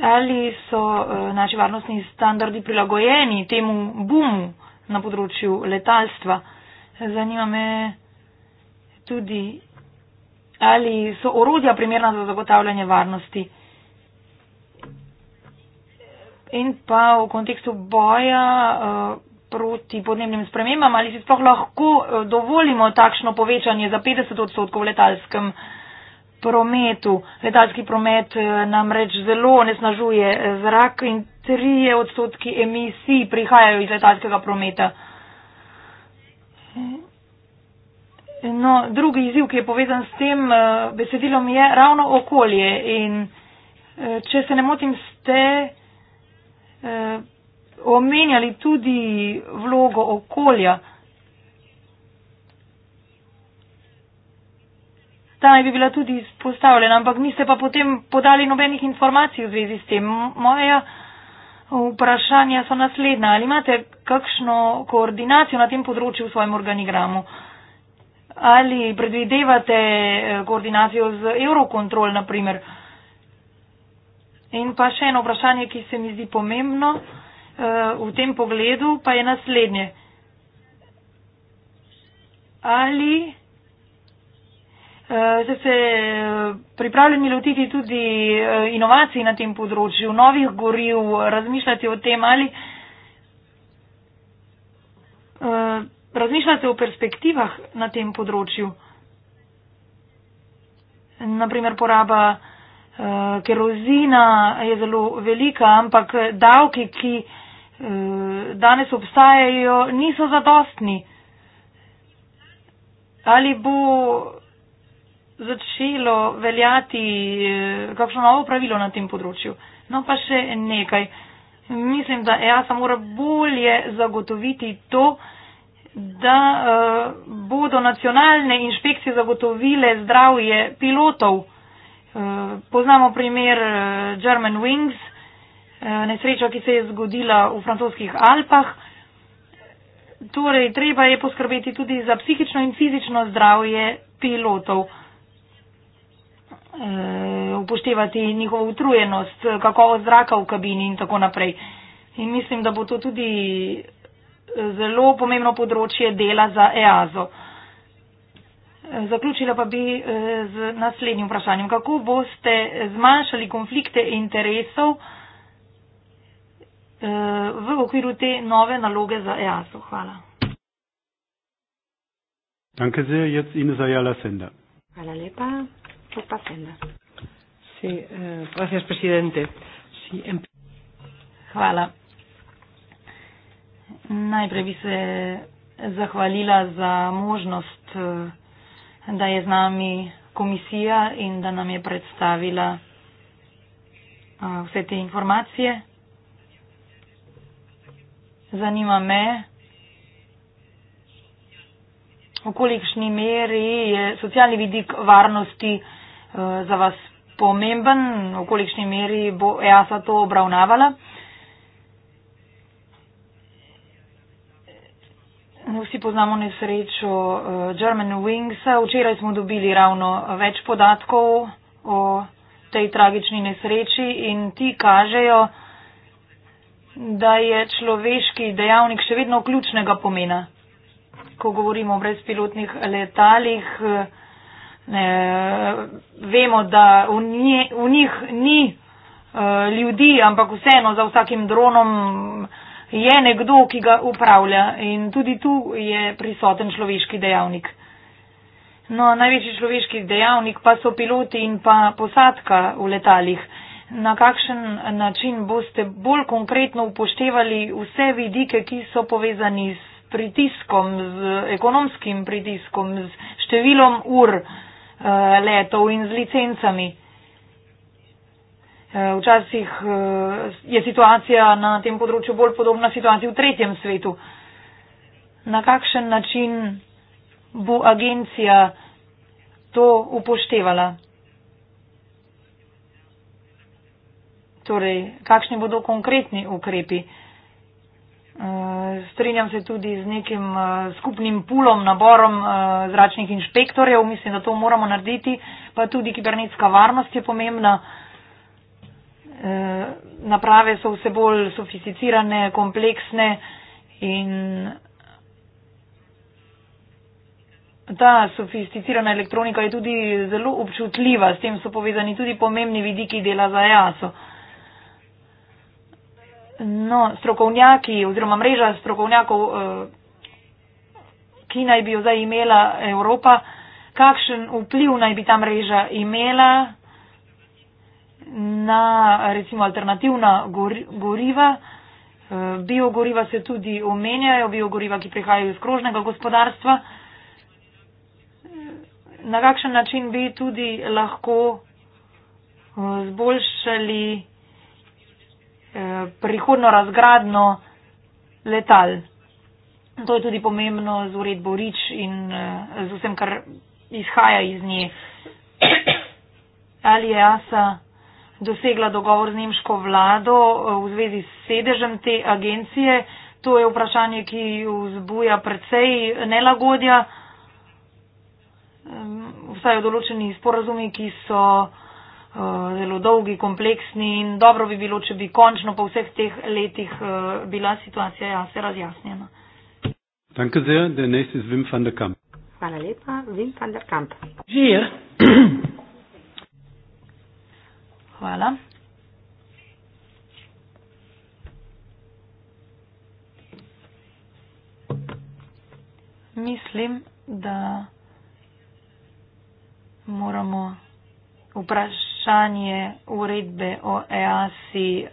Speaker 2: ali so uh, naši varnostni standardi prilagojeni temu bumu na področju letalstva. Zanima me tudi, ali so orodja primerna za zagotavljanje varnosti. In pa v kontekstu boja uh, proti podnebnim spremembam, ali si sploh lahko uh, dovolimo takšno povečanje za 50 odstotkov v letalskem. Uh, prometu. Letalski promet eh, namreč zelo nesnažuje eh, zrak in trije odstotki emisij prihajajo iz letalskega prometa. No, drugi izziv, ki je povezan s tem eh, besedilom, je ravno okolje. In če se ne motim, ste omenjali tudi vlogo okolja. ta naj bi bila tudi izpostavljena, ampak niste pa potem podali nobenih informacij v zvezi s tem. Moja vprašanja so naslednja. Ali imate kakšno koordinacijo na tem področju v svojem organigramu? Ali predvidevate eh, koordinacijo z Eurocontrol, naprimer? In pa še eno vprašanje, ki se mi zdi pomembno eh, v tem pogledu, pa je naslednje. Ali ste eh, se eh, pripravljeni lotiti tudi eh, inovacij na tem področju, novih goriv, razmišljati o tem ali. Razmišljate o perspektivah na tem področju, naprimer poraba uh, kerozina je zelo velika, ampak davki, ki uh, danes obstajajo, niso zadostni. Ali bo začelo veljati eh, kakšno novo pravilo na tem področju. No pa še nekaj. Mislim, da EASA mora bolje zagotoviti to, da eh, bodo nacionalne inšpekcije zagotovile zdravje pilotov. Eh, poznamo primer German Wings, nesreča, ki se je zgodila v francoskih Alpah. Torej, treba je poskrbeti tudi za psihično in fizično zdravje pilotov.
Speaker 1: Eh,
Speaker 2: upoštevati njihovo utrujenost, kakovost zraka v kabini in tako naprej. In mislim, da bo to tudi eh, zelo pomembno področje dela za EASO. Eh, zaključila pa bi z naslednjim vprašanjem. Kako boste zmanjšali konflikte interesov v okviru te nove naloge za EASO? Hvala.
Speaker 1: Danke sehr, jetzt Ines Ayala Sender. Hvala lepa por la senda. Sí, eh, gracias, presidente. Sí, em... Hvala.
Speaker 2: Najprej bi se zahvalila za možnost, eh, da je z nami komisija in da nam je predstavila eh, vse te informacije. Zanima me, v kolikšni meri je socialni vidik varnosti Eh, za vas pomemben, v kolikšni meri bo EASA to obravnavala. Vsi poznamo nesrečo eh, German Wings. Včeraj smo dobili ravno več podatkov o tej tragični nesreči in ti kažejo, da je človeški dejavnik še vedno ključnega pomena. Ko govorimo o brezpilotnih letalih, eh, eh, vemo, da v, nje, v njih ni eh, ljudi, ampak vseeno za vsakim dronom je nekdo, ki ga upravlja in tudi tu je prisoten človeški dejavnik. No, največji človeški dejavnik pa so piloti in pa posadka v letalih. Na kakšen način boste bolj konkretno upoštevali vse vidike, ki so povezani s pritiskom, z ekonomskim pritiskom, z številom ur, eh, Eh, letov in z licencami. Eh, včasih eh, je situacija na tem področju bolj podobna situaciji v tretjem svetu. Na kakšen način bo agencija to upoštevala? Torej, kakšni bodo konkretni ukrepi? Eh, Strenjam se tudi z nekim eh, skupnim pulom, naborom eh, zračnih inšpektorjev, mislim, da to moramo narediti, pa tudi kibernetska varnost je pomembna. Naprave so vse bolj sofisticirane, kompleksne in ta sofisticirana elektronika je tudi zelo občutljiva, s tem so povezani tudi pomembni vidiki dela za jaso. E No, strokovnjaki oziroma mreža strokovnjakov, eh, ki naj bi jo zdaj imela Evropa, kakšen vpliv naj bi ta mreža imela na recimo alternativna goriva. Eh, biogoriva se tudi omenjajo, biogoriva, ki prihajajo iz krožnega gospodarstva. Na kakšen način bi tudi lahko eh, zboljšali. Eh, prihodno razgradno letal. To je tudi pomembno z uredbo Rič in eh, z vsem, kar izhaja iz nje. Ali je ASA dosegla dogovor z nemško vlado eh, v zvezi s sedežem te agencije? To je vprašanje, ki vzbuja precej nelagodja. Vstajajo ehm, določeni sporazumi, ki so. Eh, zelo dolgi, kompleksni in dobro bi bilo, če bi končno po vseh teh letih eh, bila situacija jasno razjasnjena.
Speaker 1: Hvala lepa, Wim van der Kamp. Žir. Hvala.
Speaker 2: Mislim, da moramo vprašati vprašanje uredbe o EASI eh,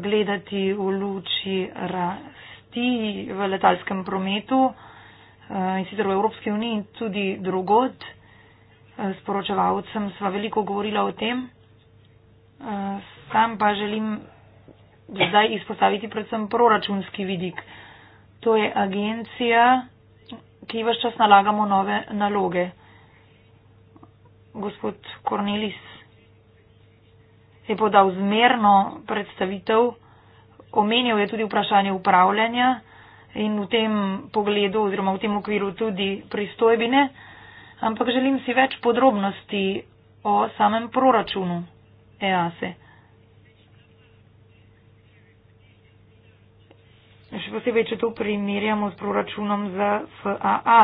Speaker 2: gledati v luči rasti v letalskem prometu eh, in sicer v Evropski uniji in tudi drugod. Eh, s poročevalcem sva veliko govorila o tem, sam pa želim zdaj izpostaviti predvsem proračunski vidik. To je agencija, ki vse čas nalagamo nove naloge gospod Kornelis je podal zmerno predstavitev, omenil je tudi vprašanje upravljanja in v tem pogledu oziroma v tem okviru tudi pristojbine, ampak želim si več podrobnosti o samem proračunu EASE. E. Še posebej, če to primerjamo s proračunom za FAA.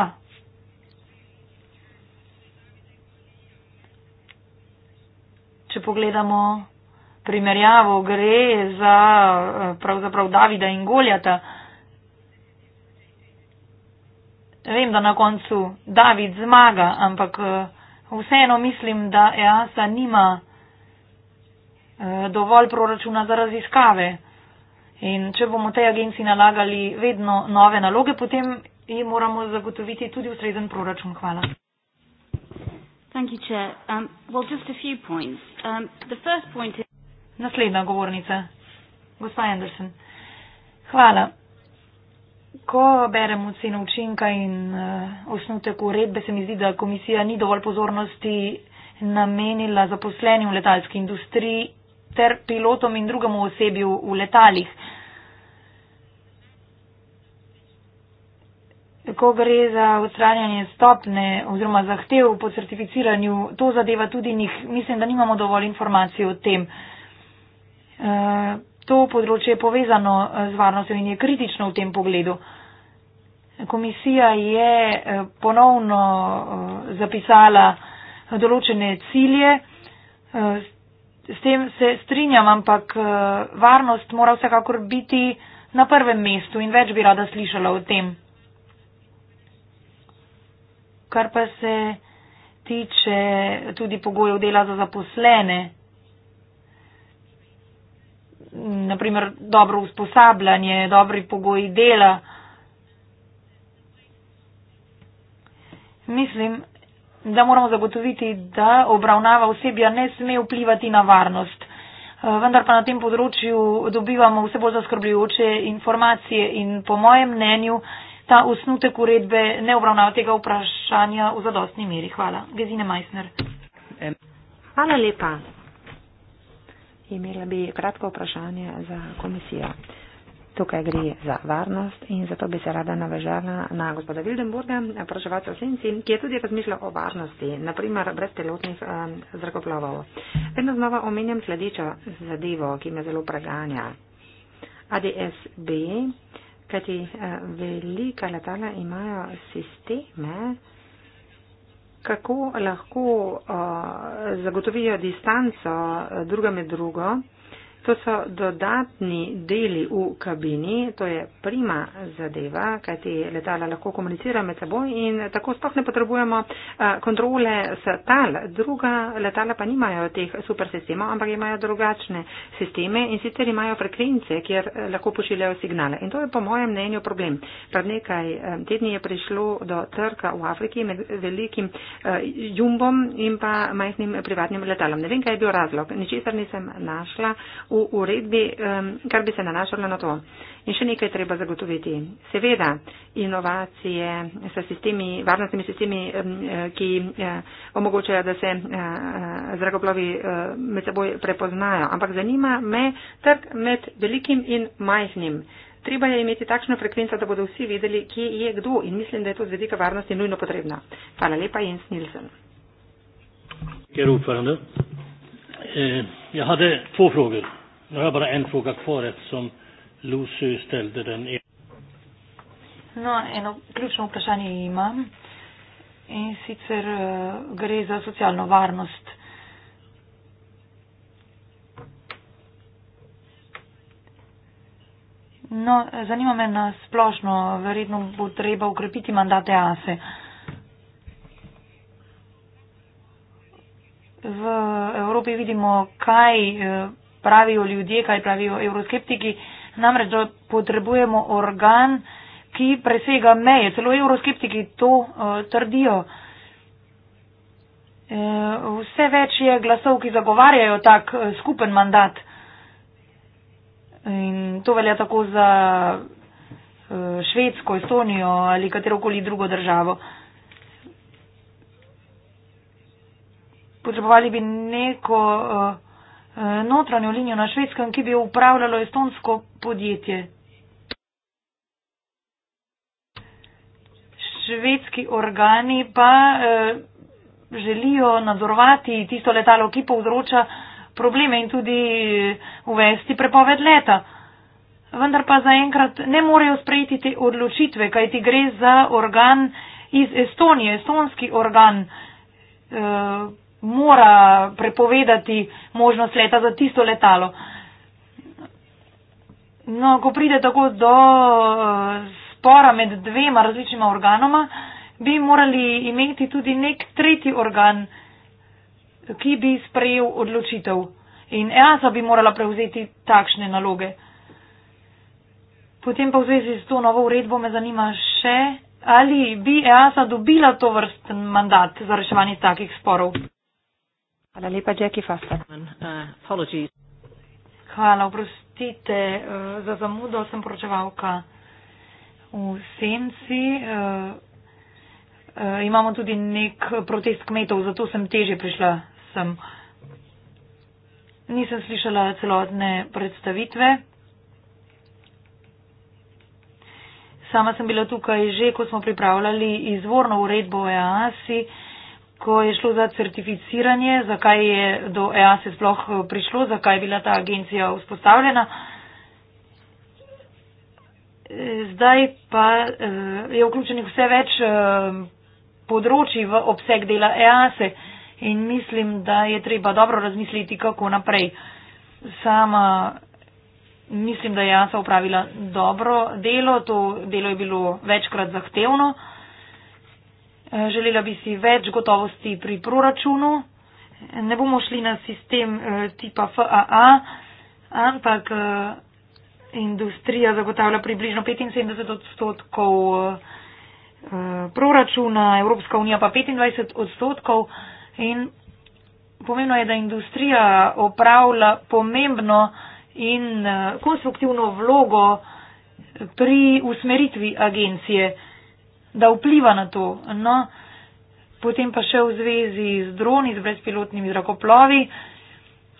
Speaker 2: pogledamo primerjavo, gre za eh, pravzaprav Davida in Goljata. Vem, da na koncu David zmaga, ampak eh, vseeno mislim, da EASA nima eh, dovolj proračuna za raziskave. In če bomo tej agenciji nalagali vedno nove naloge, potem ji moramo zagotoviti tudi ustrezen proračun. Hvala.
Speaker 3: Thank you, Chair. Um, well, just a
Speaker 2: few points. Um, the first point is... Naslednja govornica, gospa Anderson. Hvala. Ko beremo ceno učinka in uh, osnutek uredbe, se mi zdi, da komisija ni dovolj pozornosti namenila zaposlenim v letalski industriji ter pilotom in drugemu osebju v letalih. Uh, ko gre za odstranjanje stopne oziroma zahtev po certificiranju, to zadeva tudi njih. Mislim, da nimamo dovolj informacij o tem. E, to področje je povezano e, z varnostjo in je kritično v tem pogledu. Komisija je e, ponovno e, zapisala določene cilje. S tem se strinjam, ampak varnost mora vsekakor biti na prvem mestu in več bi rada slišala o tem kar pa se tiče tudi pogojev dela za zaposlene, naprimer dobro usposabljanje, dobri pogoji dela. Mislim, da moramo zagotoviti, da obravnava osebja ne sme vplivati na varnost. Vendar pa na tem področju dobivamo vse bolj zaskrbljujoče informacije in po mojem mnenju ta osnutek uredbe ne obravnava tega vprašanja v zadostni meri. Hvala. Gezine Meissner.
Speaker 1: Hvala lepa. Imela bi kratko vprašanje za komisijo. Tukaj gre za varnost in zato bi se rada navežala na gospoda Wildenburga, proževalca Senci, ki je tudi razmišljal o varnosti, naprimer brez telotnih um, zrakoplovov. Vedno znova omenjam sledečo zadevo, ki me zelo preganja. ADSB kajti eh, velika letala imajo sisteme, kako lahko eh, zagotovijo distanco eh, druga med drugo. To so dodatni deli v kabini, to je prima zadeva, kajti letala lahko komunicira med seboj in tako sploh ne potrebujemo eh, kontrole s tal. Druga letala pa nimajo teh super sistemov, ampak imajo drugačne sisteme in sicer imajo frekvence, kjer eh, lahko pošiljajo signale. In to je po mojem mnenju problem. Pred nekaj eh, tedni je prišlo do trka v Afriki med velikim jumbom in pa majhnim privatnim letalom. Ne vem, kaj je bil razlog. Ničesar nisem našla v uredbi, kar bi se nanašalo na to. In še nekaj treba zagotoviti. Seveda, inovacije s sistemi, varnostnimi sistemi, eh, ki eh, omogočajo, da se eh, zrakoplovi med seboj prepoznajo. Ampak zanima me trg med velikim in majhnim. Treba je imeti takšno frekvenco, da bodo vsi vedeli, kje je kdo in mislim, da je to z vedika varnosti nujno potrebno. Hvala lepa, Jens Nilsen. Ker upam, da. Jaz imam dve vprašanje. Nu har jag bara en fråga kvar eftersom Lucy ställde den.
Speaker 2: No, eno ključno vprašanje imam in sicer uh, gre za socialno varnost. No, zanima me na splošno, verjetno bo treba ukrepiti mandate ASE. V Evropi vidimo, kaj uh, pravijo ljudje, kaj pravijo euroskeptiki, namreč, da potrebujemo organ, ki presega meje. Celo euroskeptiki to uh, trdijo. E, vse več je glasov, ki zagovarjajo tak uh, skupen mandat. In to velja tako za uh, Švedsko, Estonijo ali katerokoli drugo državo. Potrebovali bi neko. Uh, notranjo linijo na švedskem, ki bi jo upravljalo estonsko podjetje. Švedski organi pa eh, želijo nadzorovati tisto letalo, ki povzroča probleme in tudi eh, uvesti prepoved leta. Vendar pa zaenkrat ne morejo sprejeti te odločitve, kaj ti gre za organ iz Estonije, estonski organ. Eh, mora prepovedati možnost leta za tisto letalo. No, ko pride tako do eh, spora med dvema različnima organoma, bi morali imeti tudi nek tretji organ, ki bi sprejel odločitev. In EASA bi morala prevzeti takšne naloge. Potem pa v zvezi s to novo uredbo me zanima še, ali bi EASA dobila to vrst mandat za reševanje takih sporov.
Speaker 1: Hvala lepa, Jackie Fasterman. Uh,
Speaker 2: Hvala, oprostite uh, za zamudo, sem poročevalka v Senci. Uh, uh, imamo tudi nek protest kmetov, zato sem teže prišla sem. Nisem slišala celotne predstavitve. Sama sem bila tukaj že, ko smo pripravljali izvorno uredbo o EASI. Uh, ko je šlo za certificiranje, zakaj je do EASE sploh eh, prišlo, zakaj je bila ta agencija vzpostavljena. Eh, zdaj pa eh, je vključenih vse več področji v obseg dela EASE in mislim, da je treba dobro razmisliti, kako naprej. Sama mislim, da je EASA upravila dobro delo, to delo je bilo večkrat zahtevno. Želela bi si več gotovosti pri proračunu. Ne bomo šli na sistem eh, tipa FAA, ampak eh, industrija zagotavlja približno 75 odstotkov eh, proračuna, Evropska unija pa 25 odstotkov. In pomembno je, da industrija opravlja pomembno in eh, konstruktivno vlogo pri usmeritvi agencije. Eh, da vpliva na to. No, potem pa še v zvezi z droni, z brezpilotnimi zrakoplovi.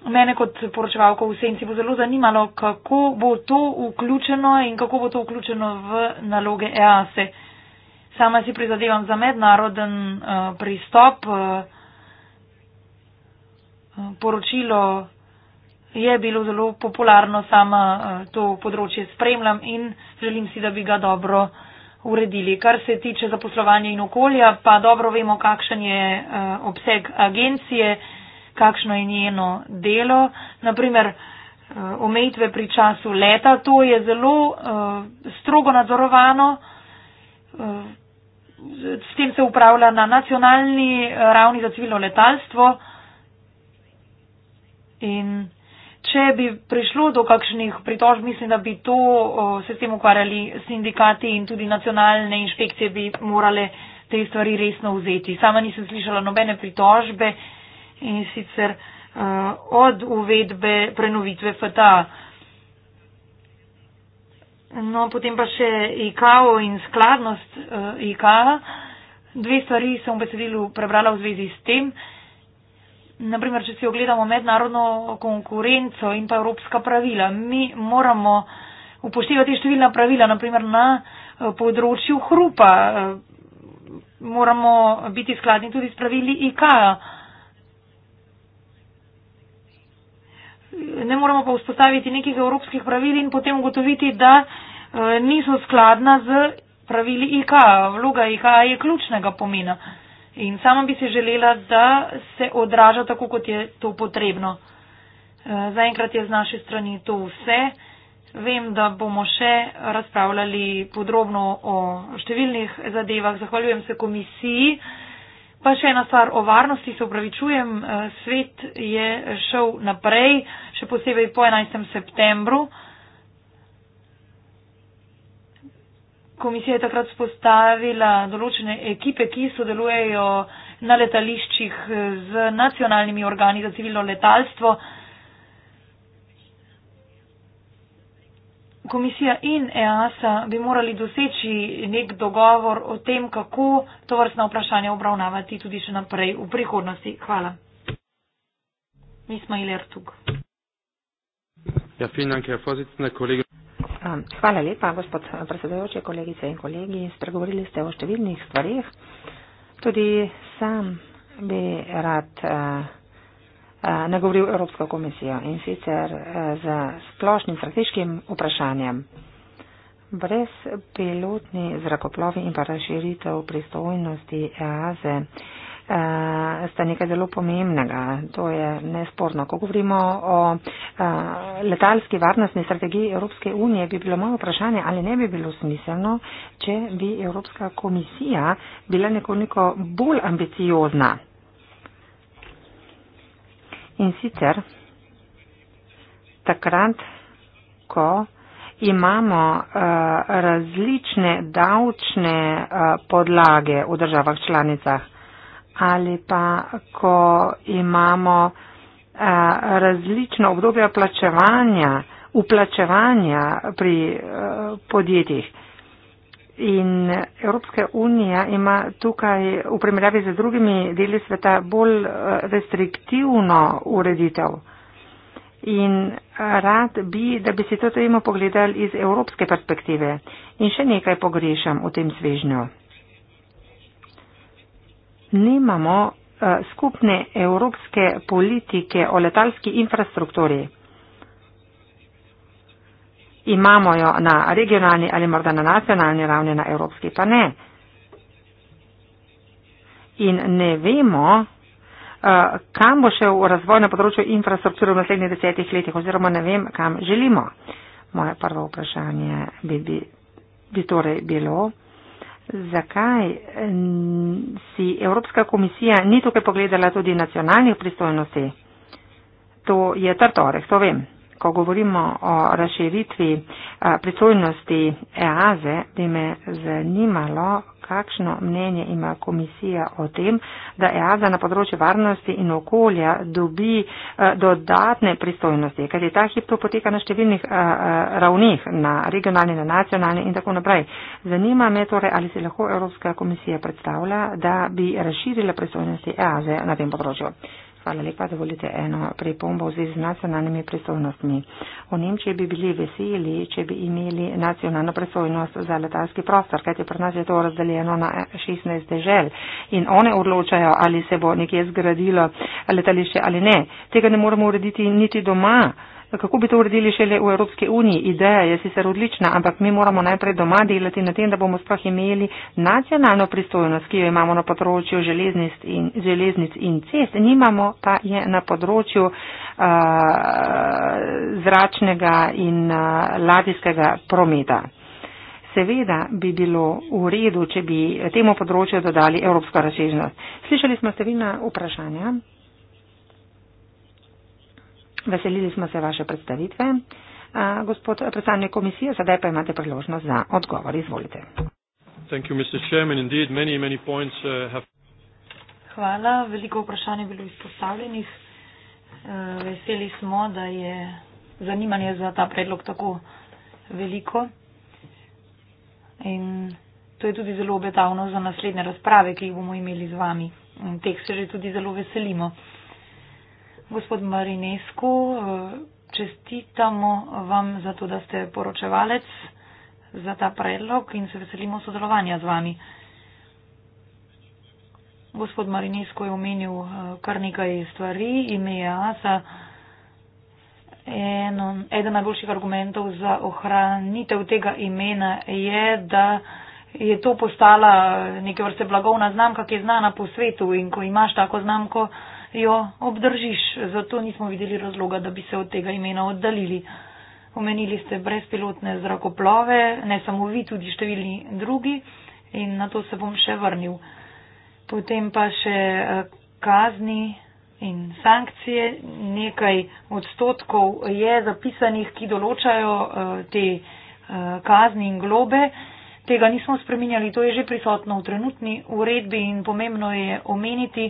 Speaker 2: Mene kot poročevalko v senci bo zelo zanimalo, kako bo to vključeno in kako bo to vključeno v naloge EASE. E. Sama si prizadevam za mednaroden uh, pristop. Uh, poročilo je bilo zelo popularno, sama uh, to področje spremljam in želim si, da bi ga dobro uredili. Kar se tiče zaposlovanja in okolja, pa dobro vemo, kakšen je eh, obseg agencije, kakšno je njeno delo. Naprimer, eh, omejitve pri času leta, to je zelo eh, strogo nadzorovano. S tem se upravlja na nacionalni ravni za civilno letalstvo. In Če bi prišlo do kakšnih pritožb, mislim, da bi to o, se s tem ukvarjali sindikati in tudi nacionalne inšpekcije bi morale te stvari resno vzeti. Sama nisem slišala nobene pritožbe in sicer o, od uvedbe prenovitve FTA. No, potem pa še IKO in skladnost IKO. Dve stvari sem v besedilu prebrala v zvezi s tem. O, naprimer, če si ogledamo mednarodno konkurenco in pa evropska pravila, mi moramo upoštevati številna pravila, naprimer na eh, področju hrupa. Eh, moramo biti skladni tudi s pravili IKA. Ne moramo pa vzpostaviti nekih evropskih pravil in potem ugotoviti, da eh, niso skladna z pravili IKA. Vloga IKA je ključnega pomena. In sama bi si želela, da se odraža tako, kot je to potrebno. Eh, zaenkrat je z naše strani to vse. Vem, da bomo še razpravljali podrobno o številnih zadevah. Zahvaljujem se komisiji. Pa še ena stvar o varnosti, se upravičujem, eh, svet je šel naprej, še posebej po 11. septembru. komisija je takrat spostavila določene ekipe, ki sodelujejo na letališčih z nacionalnimi organi za civilno letalstvo. Komisija in EASA bi morali doseči nek dogovor o tem, kako to vrstna vprašanja obravnavati tudi še naprej v prihodnosti. Hvala.
Speaker 1: Mi smo iler tukaj. Ja, Um, hvala lepa, gospod eh, predsedujoči, kolegice in kolegi. Spregovorili ste o številnih stvarih. Tudi sam bi rad eh, eh, nagovoril Evropsko komisijo in sicer z splošnim strateškim vprašanjem. Brez pilotni zrakoplovi in pa razširitev pristojnosti EASE. Eh, sta nekaj zelo pomembnega. To je nesporno. Ko govorimo o eh, letalski varnostni strategiji Evropske unije, bi bilo moje vprašanje, ali ne bi bilo smiselno, če bi Evropska komisija bila nekoliko bolj ambiciozna. In sicer takrat, ko imamo uh, različne davčne uh, podlage v državah članicah, ali pa ko imamo a, eh, različno obdobje plačevanja, uplačevanja pri a, eh, podjetjih. In Evropska unija ima tukaj v primerjavi z drugimi deli sveta bolj eh, restriktivno ureditev. In rad bi, da bi si to temo pogledali iz evropske perspektive. In še nekaj pogrešam v tem svežnju nimamo eh, skupne evropske politike o letalski infrastrukturi. Imamo jo na regionalni ali morda na nacionalni ravni, na evropski pa ne. In ne vemo, eh, kam bo šel razvoj na področju infrastrukture v naslednjih desetih letih, oziroma ne vem, kam želimo. Moje prvo vprašanje bi, bi, bi torej bilo. Zakaj si Evropska komisija ni tukaj pogledala tudi nacionalnih pristojnosti? To je trtorek, to vem ko govorimo o razširitvi pristojnosti EAZE, bi me zanimalo, kakšno mnenje ima komisija o tem, da EAZA na področju varnosti in okolja dobi dodatne pristojnosti, ker je ta hip to poteka na številnih ravnih, na regionalni, na nacionalni in tako naprej. Zanima me torej, ali si lahko Evropska komisija predstavlja, da bi razširila pristojnosti EAZE na tem področju. Hvala lepa, dovolite eno pripombo v zvezi z nacionalnimi pristojnostmi. V Nemčiji bi bili veseli, če bi imeli nacionalno pristojnost za letalski prostor, kajti pri nas je to razdeljeno na 16 dežel in one odločajo, ali se bo nekje zgradilo letališče ali ne. Tega ne moremo urediti niti doma kako bi to uredili šele v Evropski uniji. Ideja je sicer odlična, ampak mi moramo najprej doma delati na tem, da bomo sploh imeli nacionalno pristojnost, ki jo imamo na področju železnic in, in cest, nimamo pa je na področju uh, zračnega in uh, ladijskega prometa. Seveda bi bilo v redu, če bi temu področju dodali evropsko razsežnost. Slišali smo stevina vprašanja. Veselili smo se vaše predstavitve. Uh, gospod predstavnik komisije, sedaj pa imate priložnost za odgovor. Izvolite. You, Indeed, many, many points, uh, have...
Speaker 2: Hvala. Veliko vprašanj je bilo izpostavljenih. Uh, veseli smo, da je zanimanje za ta predlog tako veliko. In to je tudi zelo obetavno za naslednje razprave, ki jih bomo imeli z vami. In teh se že tudi zelo veselimo. Uh, Gospod Marinesku, eh, čestitamo vam za to, da ste poročevalec za ta predlog in se veselimo sodelovanja z vami. Gospod Marinesko je omenil eh, kar nekaj stvari, ime je Asa. Eno, eden najboljših argumentov za ohranitev tega imena je, da je to postala neke vrste blagovna znamka, ki je znana po svetu in ko imaš tako znamko, jo obdržiš. Zato nismo videli razloga, da bi se od tega imena oddalili. Omenili ste brezpilotne zrakoplove, ne samo vi, tudi številni drugi in na to se bom še vrnil. Potem pa še eh, kazni in sankcije. Nekaj odstotkov je zapisanih, ki določajo eh, te eh, kazni in globe. Tega nismo spreminjali, to je že prisotno v trenutni uredbi in pomembno je omeniti,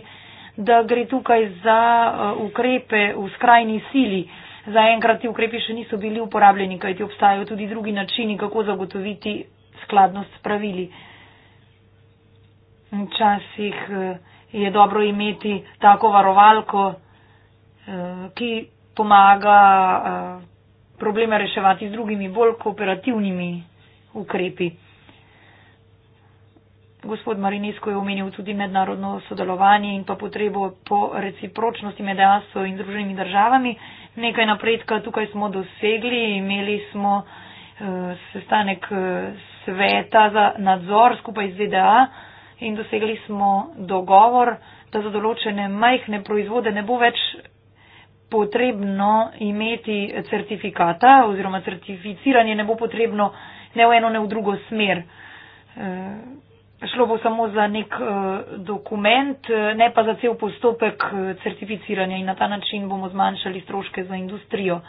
Speaker 2: da gre tukaj za uh, ukrepe v skrajni sili. Zaenkrat ti ukrepi še niso bili uporabljeni, kajti obstajajo tudi drugi načini, kako zagotoviti skladnost s pravili. Včasih uh, je dobro imeti tako varovalko, uh, ki pomaga probleme reševati z drugimi bolj kooperativnimi ukrepi gospod Marinesko je omenil tudi mednarodno sodelovanje in pa potrebo po recipročnosti med ASO in združenimi državami. Nekaj napredka tukaj smo dosegli, imeli smo eh, sestanek eh, sveta za nadzor skupaj z ZDA in dosegli smo dogovor, da za določene majhne proizvode ne bo več potrebno imeti certifikata oziroma certificiranje ne bo potrebno ne v eno, ne v drugo smer. Eh, šlo bo samo za nek uh, dokument, eh, ne pa za cel postopek eh, certificiranja in na ta način bomo zmanjšali stroške za industrijo.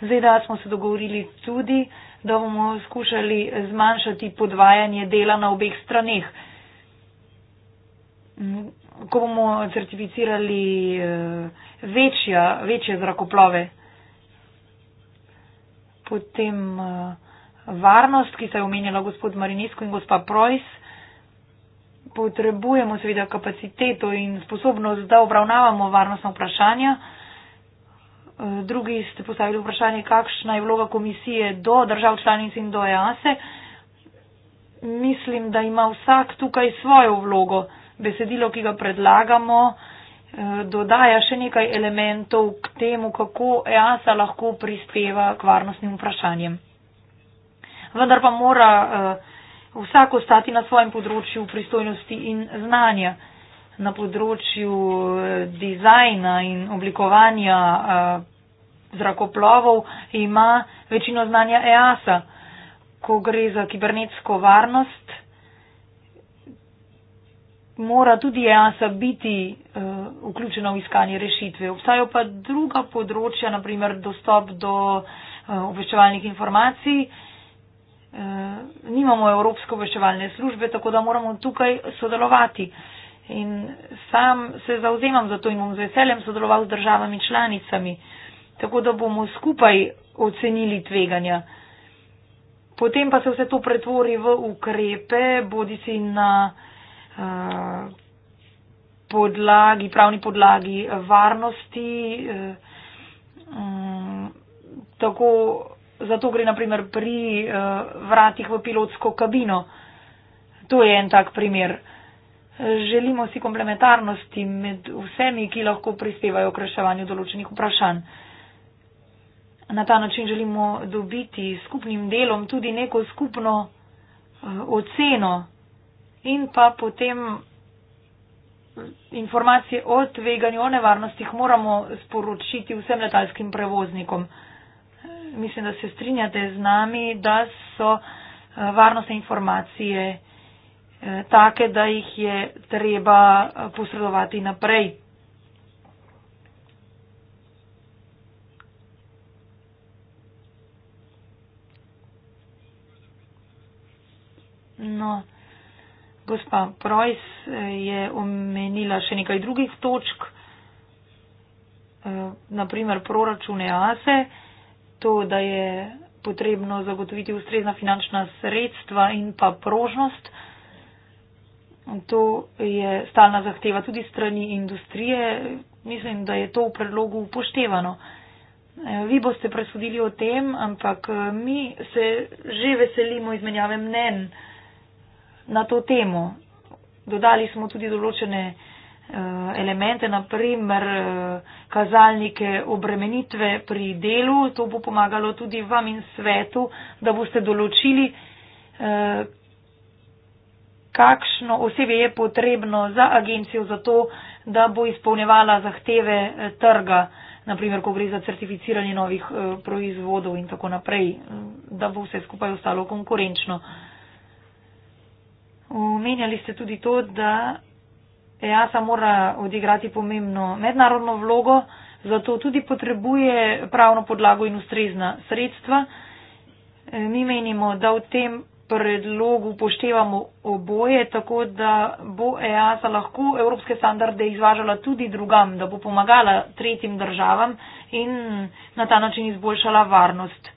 Speaker 2: Zdaj, da smo se dogovorili tudi, da bomo skušali zmanjšati podvajanje dela na obeh straneh. Mm, ko bomo certificirali večja, večje zrakoplove, potem varnost, ki se je omenjala gospod Marinesko in gospa Preuss, potrebujemo seveda kapaciteto in sposobnost, da obravnavamo varnostna vprašanja. Eh, drugi ste postavili vprašanje, kakšna je vloga komisije do držav članic in do EASE. E. Mislim, da ima vsak tukaj svojo vlogo. Besedilo, ki ga predlagamo, eh, dodaja še nekaj elementov k temu, kako EASA e lahko prispeva k varnostnim vprašanjem. Vendar pa mora uh, vsak ostati na svojem področju pristojnosti in znanja. Na področju eh, dizajna in oblikovanja eh, zrakoplovov ima večino znanja EASA. Ko gre za kibernetsko varnost, mora tudi EASA biti eh, vključena v iskanje rešitve. Obstajajo pa druga področja, naprimer dostop do obveščevalnih informacij, Eh, nimamo Evropske obveščevalne službe, tako da moramo tukaj sodelovati. In sam se zauzemam za to in bom z veseljem sodeloval z državami članicami, tako da bomo skupaj ocenili tveganja. Potem pa se vse to pretvori v ukrepe, bodi si na uh, podlagi, pravni podlagi varnosti, uh, um, tako zato gre naprimer pri uh, vratih v pilotsko kabino. To je en tak primer. Želimo si komplementarnosti med vsemi, ki lahko prispevajo k reševanju določenih vprašanj. Na ta način želimo dobiti skupnim delom tudi neko skupno eh, oceno in pa potem eh, informacije o tveganju, o nevarnostih moramo sporočiti vsem letalskim prevoznikom mislim, da se strinjate z nami, da so eh, varnostne informacije eh, take, da jih je treba eh, posredovati naprej. No, gospa Preuss je omenila še nekaj drugih točk, naprimer proračune ASE to, da je potrebno zagotoviti ustrezna finančna sredstva in pa prožnost. To je stalna zahteva tudi strani industrije. Mislim, da je to v predlogu upoštevano. Eh, vi boste presudili o tem, ampak eh, mi se že veselimo izmenjave mnen na to temo. Dodali smo tudi določene. Eh, elemente, naprimer eh, kazalnike obremenitve pri delu. To bo pomagalo tudi vam in svetu, da boste določili, eh, kakšno osebje je potrebno za agencijo za to, da bo izpolnjevala zahteve trga, naprimer, ko gre za certificiranje novih proizvodov in tako naprej, da bo vse skupaj ostalo konkurenčno. Omenjali ste tudi to, da EASA mora odigrati pomembno mednarodno vlogo, zato tudi potrebuje pravno podlago in ustrezna sredstva. E, mi menimo, da v tem predlogu upoštevamo oboje, tako da bo EASA lahko evropske standarde izvažala tudi drugam, da bo pomagala tretjim državam in na ta način izboljšala varnost.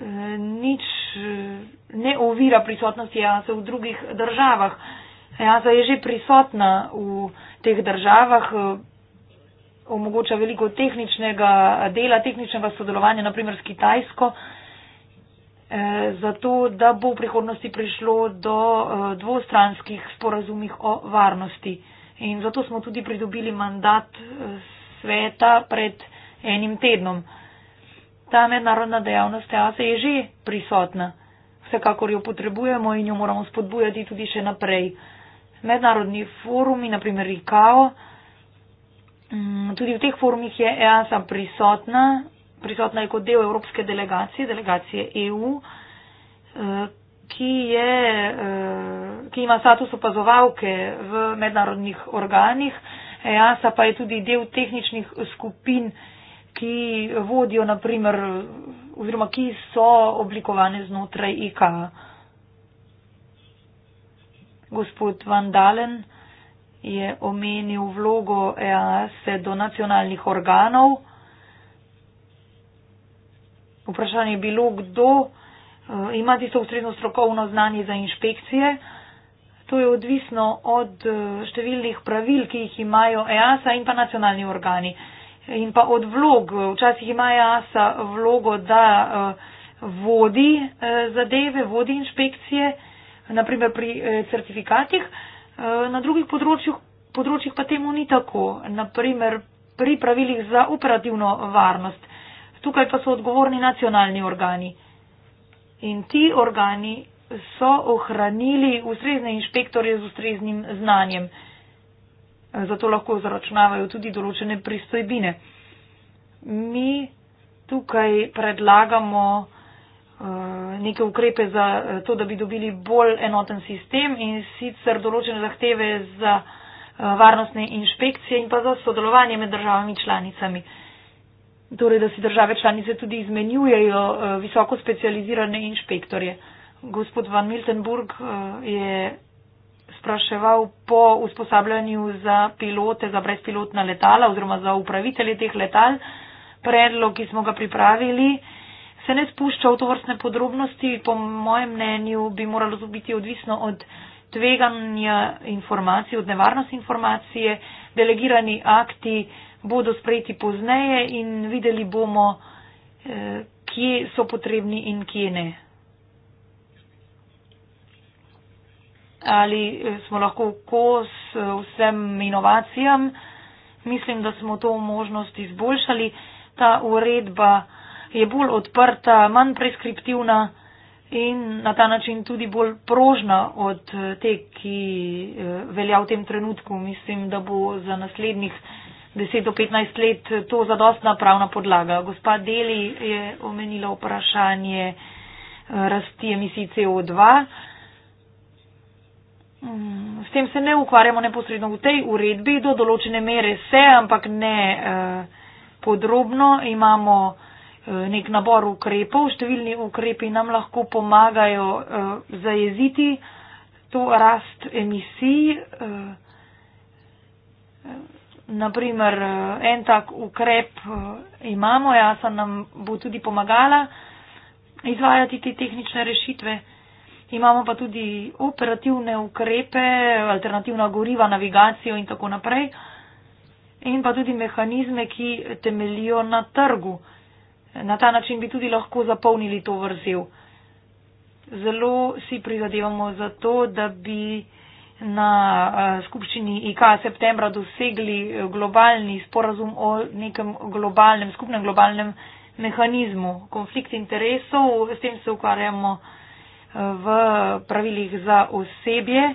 Speaker 2: E, nič e, ne ovira prisotnost EASA v drugih državah. Ja, zdaj je že prisotna v teh državah, eh, omogoča veliko tehničnega dela, tehničnega sodelovanja, naprimer s Kitajsko, eh, zato da bo v prihodnosti prišlo do eh, dvostranskih sporazumih o varnosti. In zato smo tudi pridobili mandat sveta pred enim tednom. Ta mednarodna dejavnost EASA ja, je že prisotna. Vsekakor jo potrebujemo in jo moramo spodbujati tudi še naprej mednarodni forumi, naprimer IKAO. Mm, tudi v teh forumih je EASA prisotna, prisotna je kot del evropske delegacije, delegacije EU, eh, ki, je, eh, ki ima status opazovalke v mednarodnih organih. EASA pa je tudi del tehničnih skupin, ki vodijo, naprimer, oziroma ki so oblikovane znotraj IKAO. Gospod Vandalen je omenil vlogo EASE do nacionalnih organov. Vprašanje je bilo, kdo eh, ima tisto ustrezno strokovno znanje za inšpekcije. To je odvisno od eh, številnih pravil, ki jih imajo EASA in pa nacionalni organi. In pa od vlog. Včasih ima EASA vlogo, da eh, vodi zadeve, vodi inšpekcije naprimer pri eh, certifikatih, eh, na drugih področjih, področjih pa temu ni tako, naprimer pri pravilih za operativno varnost. Tukaj pa so odgovorni nacionalni organi. In ti organi so ohranili ustrezne inšpektorje z ustreznim znanjem. Zato lahko zaračunavajo tudi določene pristojbine. Mi tukaj predlagamo, Eh, neke ukrepe za eh, to, da bi dobili bolj enoten sistem in sicer določene zahteve za eh, varnostne inšpekcije in pa za sodelovanje med državami članicami. Torej, da si države članice tudi izmenjujejo visoko specializirane inšpektorje. Gospod Van Miltenburg je spraševal po usposabljanju za pilote, za brezpilotna letala oziroma za upravitelje teh letal. Predlog, ki smo ga pripravili, se ne spušča v to vrstne podrobnosti, po mojem mnenju bi moralo to biti odvisno od tveganja informacij, od nevarnosti informacije. Delegirani akti bodo sprejeti pozneje in videli bomo, eh, kje so potrebni in kje ne. Ali eh, smo lahko kos eh, vsem inovacijam? Mislim, da smo to možnost izboljšali. Ta uredba je bolj odprta, manj preskriptivna in na ta način tudi bolj prožna od eh, te, ki eh, velja v tem trenutku. Mislim, da bo za naslednjih 10 do 15 let eh, to zadostna pravna podlaga. Gospa Deli je omenila vprašanje rasti emisij CO2. Mm, s tem se ne ukvarjamo neposredno v tej uredbi, do določene mere se, ampak ne eh, podrobno. Imamo Eh, nek nabor ukrepov. Številni ukrepi nam lahko pomagajo eh, zajeziti to rast emisij. Eh, Naprimer, en tak ukrep imamo, jasa nam bo tudi pomagala izvajati te tehnične rešitve. Imamo pa tudi operativne ukrepe, alternativna goriva, navigacijo in tako naprej. In pa tudi mehanizme, ki temelijo na trgu. Na ta način bi tudi lahko zapolnili to vrzel. Zelo si prizadevamo za to, da bi na eh, skupščini IK septembra dosegli globalni sporazum o nekem globalnem, skupnem globalnem mehanizmu. Konflikt interesov, s tem se ukvarjamo eh, v pravilih za osebje.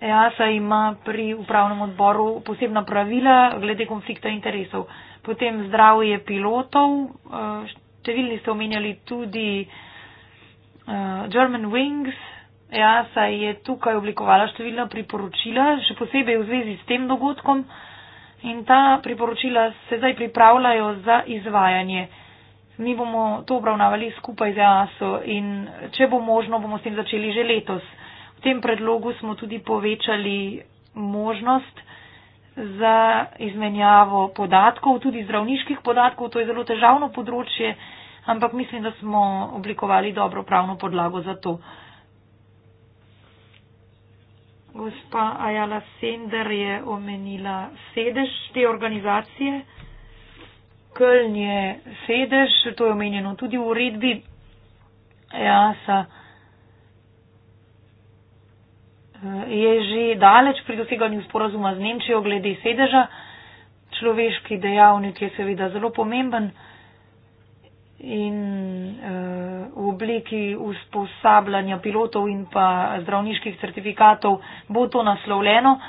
Speaker 2: EASA ima pri upravnem odboru posebna pravila glede konflikta interesov potem zdravje pilotov. Eh, številni ste omenjali tudi eh, German Wings. Ja, saj je tukaj oblikovala številna priporočila, še posebej v zvezi s tem dogodkom. In ta priporočila se zdaj pripravljajo za izvajanje. Mi bomo to obravnavali skupaj z ASO in če bo možno, bomo s tem začeli že letos. V tem predlogu smo tudi povečali možnost za izmenjavo podatkov, tudi zdravniških podatkov. To je zelo težavno področje, ampak mislim, da smo oblikovali dobro pravno podlago za to. Gospa Ajala Sender je omenila sedež te organizacije. Köln je sedež, to je omenjeno tudi v uredbi EASA. Ja, Eh, je že daleč pri doseganju sporazuma z Nemčijo glede sedeža. Človeški dejavnik je seveda zelo pomemben in eh, v obliki usposabljanja pilotov in pa zdravniških certifikatov bo to naslovljeno.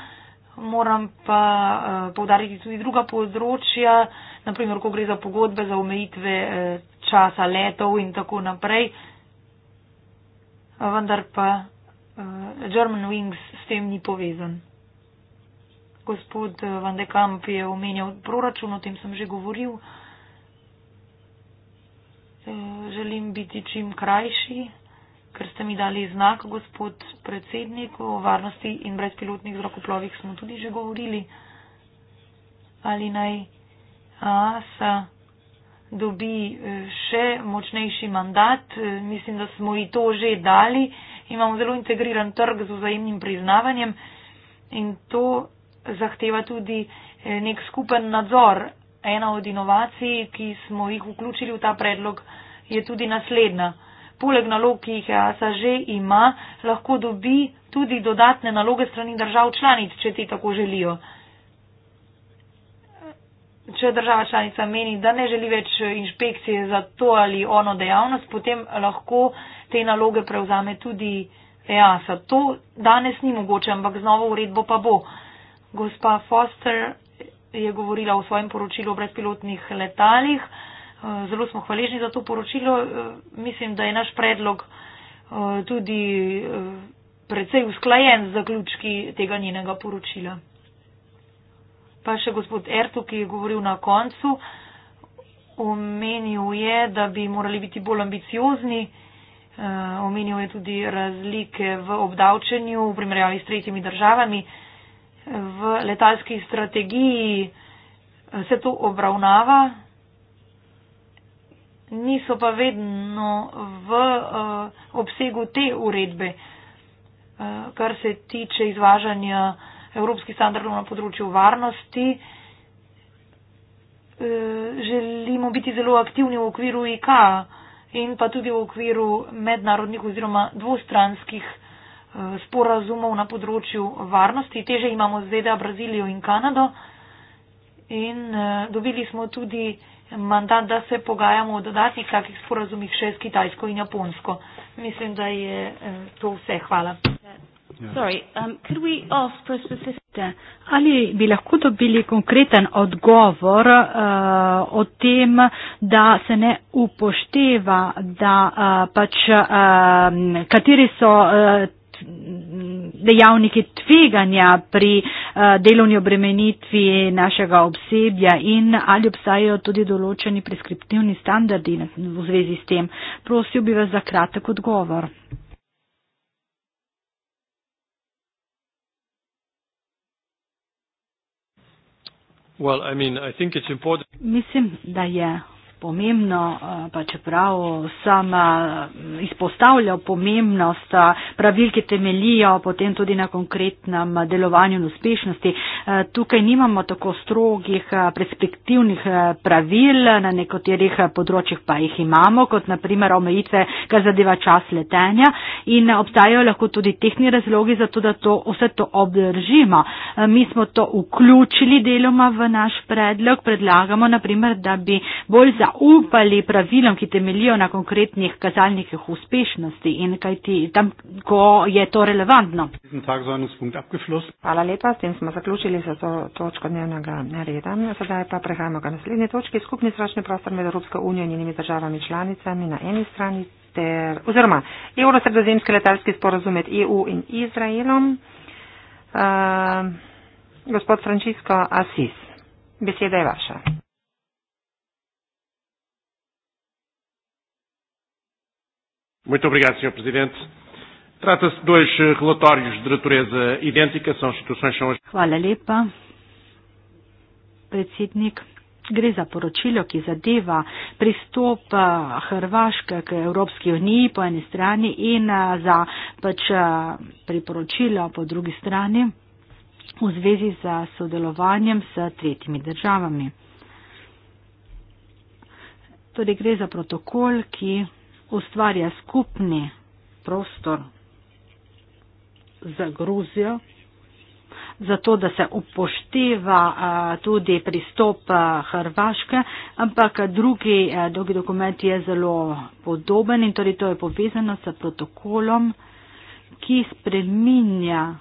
Speaker 2: Moram pa eh, povdariti tudi druga področja, naprimer, ko gre za pogodbe, za omejitve časa letov in tako naprej. Vendar pa uh, German Wings s tem ni povezan. Gospod eh, Van de Kamp je omenjal proračun, o tem sem že govoril. Eh, želim biti čim krajši, ker ste mi dali znak, gospod predsednik, o varnosti in brezpilotnih zrakoplovih smo tudi že govorili. Ali naj ASA dobi še močnejši mandat, mislim, da smo ji to že dali imamo zelo integriran trg z vzajemnim priznavanjem in to zahteva tudi eh, nek skupen nadzor. Ena od inovacij, ki smo jih vključili v ta predlog, je tudi naslednja. Poleg nalog, ki jih EASA že ima, lahko dobi tudi dodatne naloge strani držav članic, če ti tako želijo če država članica meni, da ne želi več inšpekcije za to ali ono dejavnost, potem lahko te naloge prevzame tudi EASA. To danes ni mogoče, ampak z novo uredbo pa bo. Gospa Foster je govorila o svojem poročilu o brezpilotnih letalih. Zelo smo hvaležni za to poročilo. Mislim, da je naš predlog eh, tudi eh, precej usklajen z zaključki tega njenega poročila. Pa še gospod Ertu, ki je govoril na koncu, omenil je, da bi morali biti bolj ambiciozni, eh, omenil je tudi razlike v obdavčenju v primerjavi s tretjimi državami. V letalski strategiji eh, se to obravnava, niso pa vedno v eh, obsegu te uredbe, kar se tiče izvažanja evropskih standardov na področju varnosti. E, želimo biti zelo aktivni v okviru IK in pa tudi v okviru mednarodnih oziroma dvostranskih e, sporazumov na področju varnosti. Teže imamo ZDA, Brazilijo in Kanado in e, dobili smo tudi mandat, da se pogajamo o dodatnih takih sporazumih še s Kitajsko in Japonsko. Mislim, da je to vse. Hvala.
Speaker 3: Um, uh, ali bi lahko dobili konkreten odgovor uh, o tem, da se ne upošteva, da uh, pač uh, kateri so uh, dejavniki tveganja pri uh, delovni obremenitvi našega obsebja in ali obstajajo tudi določeni preskriptivni standardi v zvezi s tem. Prosil bi vas za kratek odgovor. Mislim, da je pomembno, eh, pa čeprav sam eh, izpostavljal pomembnost eh, pravil, ki temelijo potem tudi na konkretnem delovanju in uspešnosti. Tukaj nimamo tako strogih perspektivnih pravil, na nekaterih področjih pa jih imamo, kot naprimer omejitve, kar zadeva čas letenja in obstajajo lahko tudi tehni razlogi za to, da to, vse to obdržimo. Mi smo to vključili deloma v naš predlog, predlagamo naprimer, da bi bolj za zaupali pravilom, ki temelijo na konkretnih
Speaker 1: kazalnikih uspešnosti in kaj ti tam, ko je to relevantno. Hvala lepa, s tem smo zaključili za to točko dnevnega reda. Sedaj pa prehajamo ga naslednje točke. Skupni zračni prostor med Evropsko unijo in njenimi državami članicami na eni strani ter, oziroma Evrosredozemski letalski sporozum med EU in Izraelom. Uh, gospod Francisco Asis, beseda je vaša.
Speaker 2: Muito obrigado, Sr. Presidente. Trata-se de dois eh, relatórios de natureza
Speaker 1: idêntica, são instituições são as.
Speaker 3: Hvala lepa, predsednik. Gre za poročilo, ki zadeva pristop eh, Hrvaške k Evropski uniji po eni strani in eh, za pač priporočila po drugi strani v zvezi z sodelovanjem s tretjimi državami. Torej gre za protokol, ki ustvarja skupni prostor za Gruzijo, zato da se upošteva tudi pristop Hrvaške, ampak drugi, drugi dokument je zelo podoben in torej to je povezano s protokolom, ki spreminja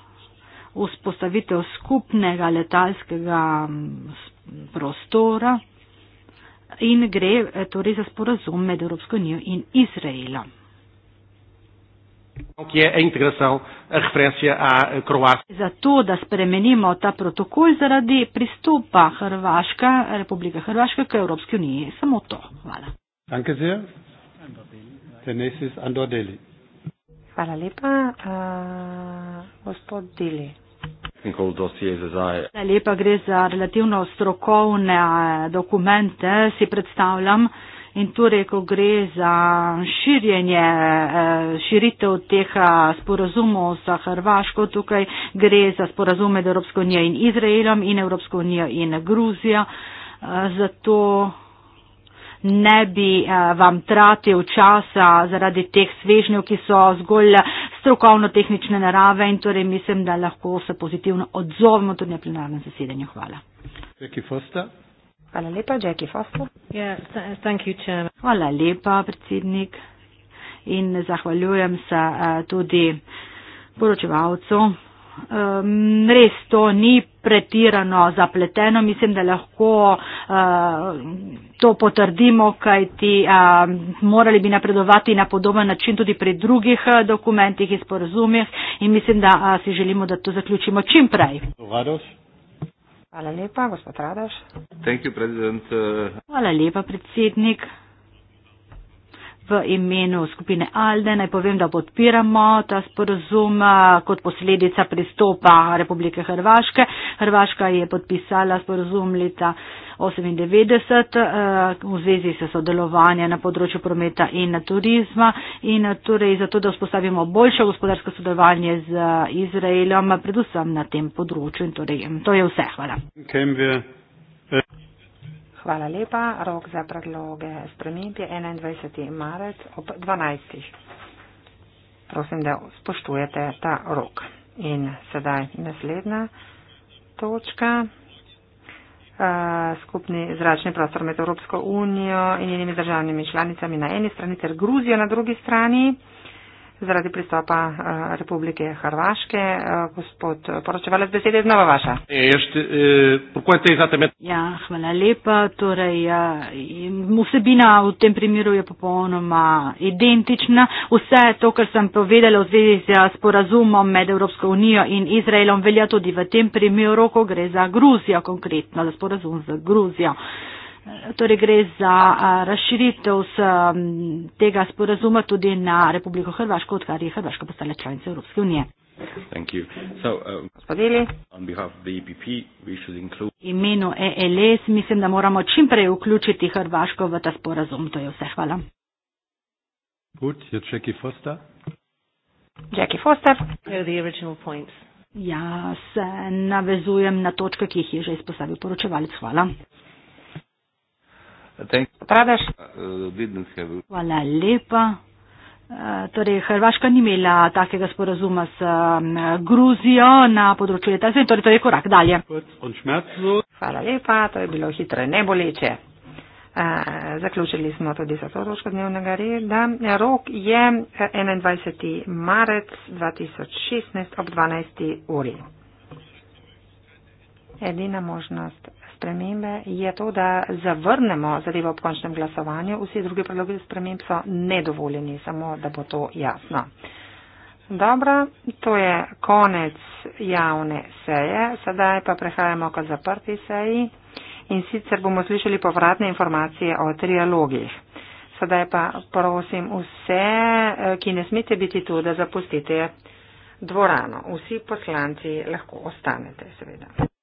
Speaker 3: vzpostavitev skupnega letalskega prostora in gre eh, torej za sporazum med Evropsko unijo in Izraelom.
Speaker 1: Eh,
Speaker 3: Zato, da spremenimo ta protokol zaradi pristopa Hrvaška, Republika Hrvaška k Evropski uniji. Samo to. Hvala. Hvala lepa. Uh, gospod Deli. Lepa gre za relativno strokovne dokumente, si predstavljam. In torej, ko gre za širjenje, e, širitev teh sporazumov za Hrvaško, tukaj gre za sporazum med Evropsko unijo in Izraelom in Evropsko unijo in Gruzijo. E, zato ne bi e, vam tratil časa zaradi teh svežnjev, ki so zgolj strokovno-tehnične narave in torej mislim, da lahko se pozitivno odzovemo tudi na plenarnem zasedanju. Hvala. Hvala lepa, Jackie Foster. Yeah, thank you, Hvala lepa, predsednik. In zahvaljujem se uh, tudi poročevalcu um, res to ni pretirano zapleteno. Mislim, da lahko uh, to potrdimo, kajti uh, morali bi napredovati na podoben način tudi pri drugih uh, dokumentih in sporozumih in mislim, da uh, si želimo, da to zaključimo čim prej.
Speaker 1: Hvala lepa, gospod Radaš.
Speaker 3: Hvala lepa, predsednik v imenu skupine Alde naj povem, da podpiramo ta sporozum kot posledica pristopa Republike Hrvaške. Hrvaška je podpisala sporozum leta 1998 v zvezi s sodelovanjem na področju prometa in turizma in torej zato, da vzpostavimo boljše gospodarsko sodelovanje z Izraelom,
Speaker 1: predvsem na tem področju. In torej, to je vse. Hvala. Hvala lepa. Rok za predloge sprememb je 21. marec ob 12. Prosim, da spoštujete ta rok. In sedaj naslednja točka. Skupni zračni prostor med Evropsko unijo in njenimi državnimi članicami na eni strani ter Gruzijo na drugi strani zaradi pristopa eh, Republike Hrvaške. Eh, gospod eh, poročevalec besede je znova vaša. E, ja, hvala lepa.
Speaker 3: Torej, ja, vsebina v tem primeru je popolnoma identična. Vse to, kar sem povedala v zvezi z sporazumom med Evropsko unijo in Izraelom, velja tudi v tem primeru, ko gre za Gruzijo, konkretno za sporazum z Gruzijo. Torej gre za razširitev s, m, tega sporazuma tudi na Republiko Hrvaško, odkar je Hrvaška postala članica Evropske unije. So, um, include... Imenu ELS mislim, da moramo čimprej vključiti Hrvaško v ta sporazum. To je vse. Hvala. Put je Jackie Foster. Jackie Foster. Jaz se navezujem na točke, ki jih je že izpostavil poročevalec. Hvala.
Speaker 1: Pradaš? Uh,
Speaker 3: Hvala lepa. Uh, torej, Hrvaška ni imela takega sporazuma s um, Gruzijo na področju letalstva in torej to je
Speaker 1: korak dalje. Hvala lepa, to je bilo hitro in neboleče. Uh, zaključili smo tudi za to točko dnevnega reda. Rok je 21. Eh, marec 2016 ob 12. uri. Edina možnost spremembe je to, da zavrnemo zadevo ob končnem glasovanju. Vsi drugi predlogi sprememb so nedovoljeni, samo da bo to jasno. Dobro, to je konec javne seje, sedaj pa prehajamo k zaprti seji in sicer bomo slišali povratne informacije o trialogih. Sedaj pa prosim vse, eh, ki ne smete biti tu, da zapustite dvorano. Vsi poslanci lahko ostanete, seveda.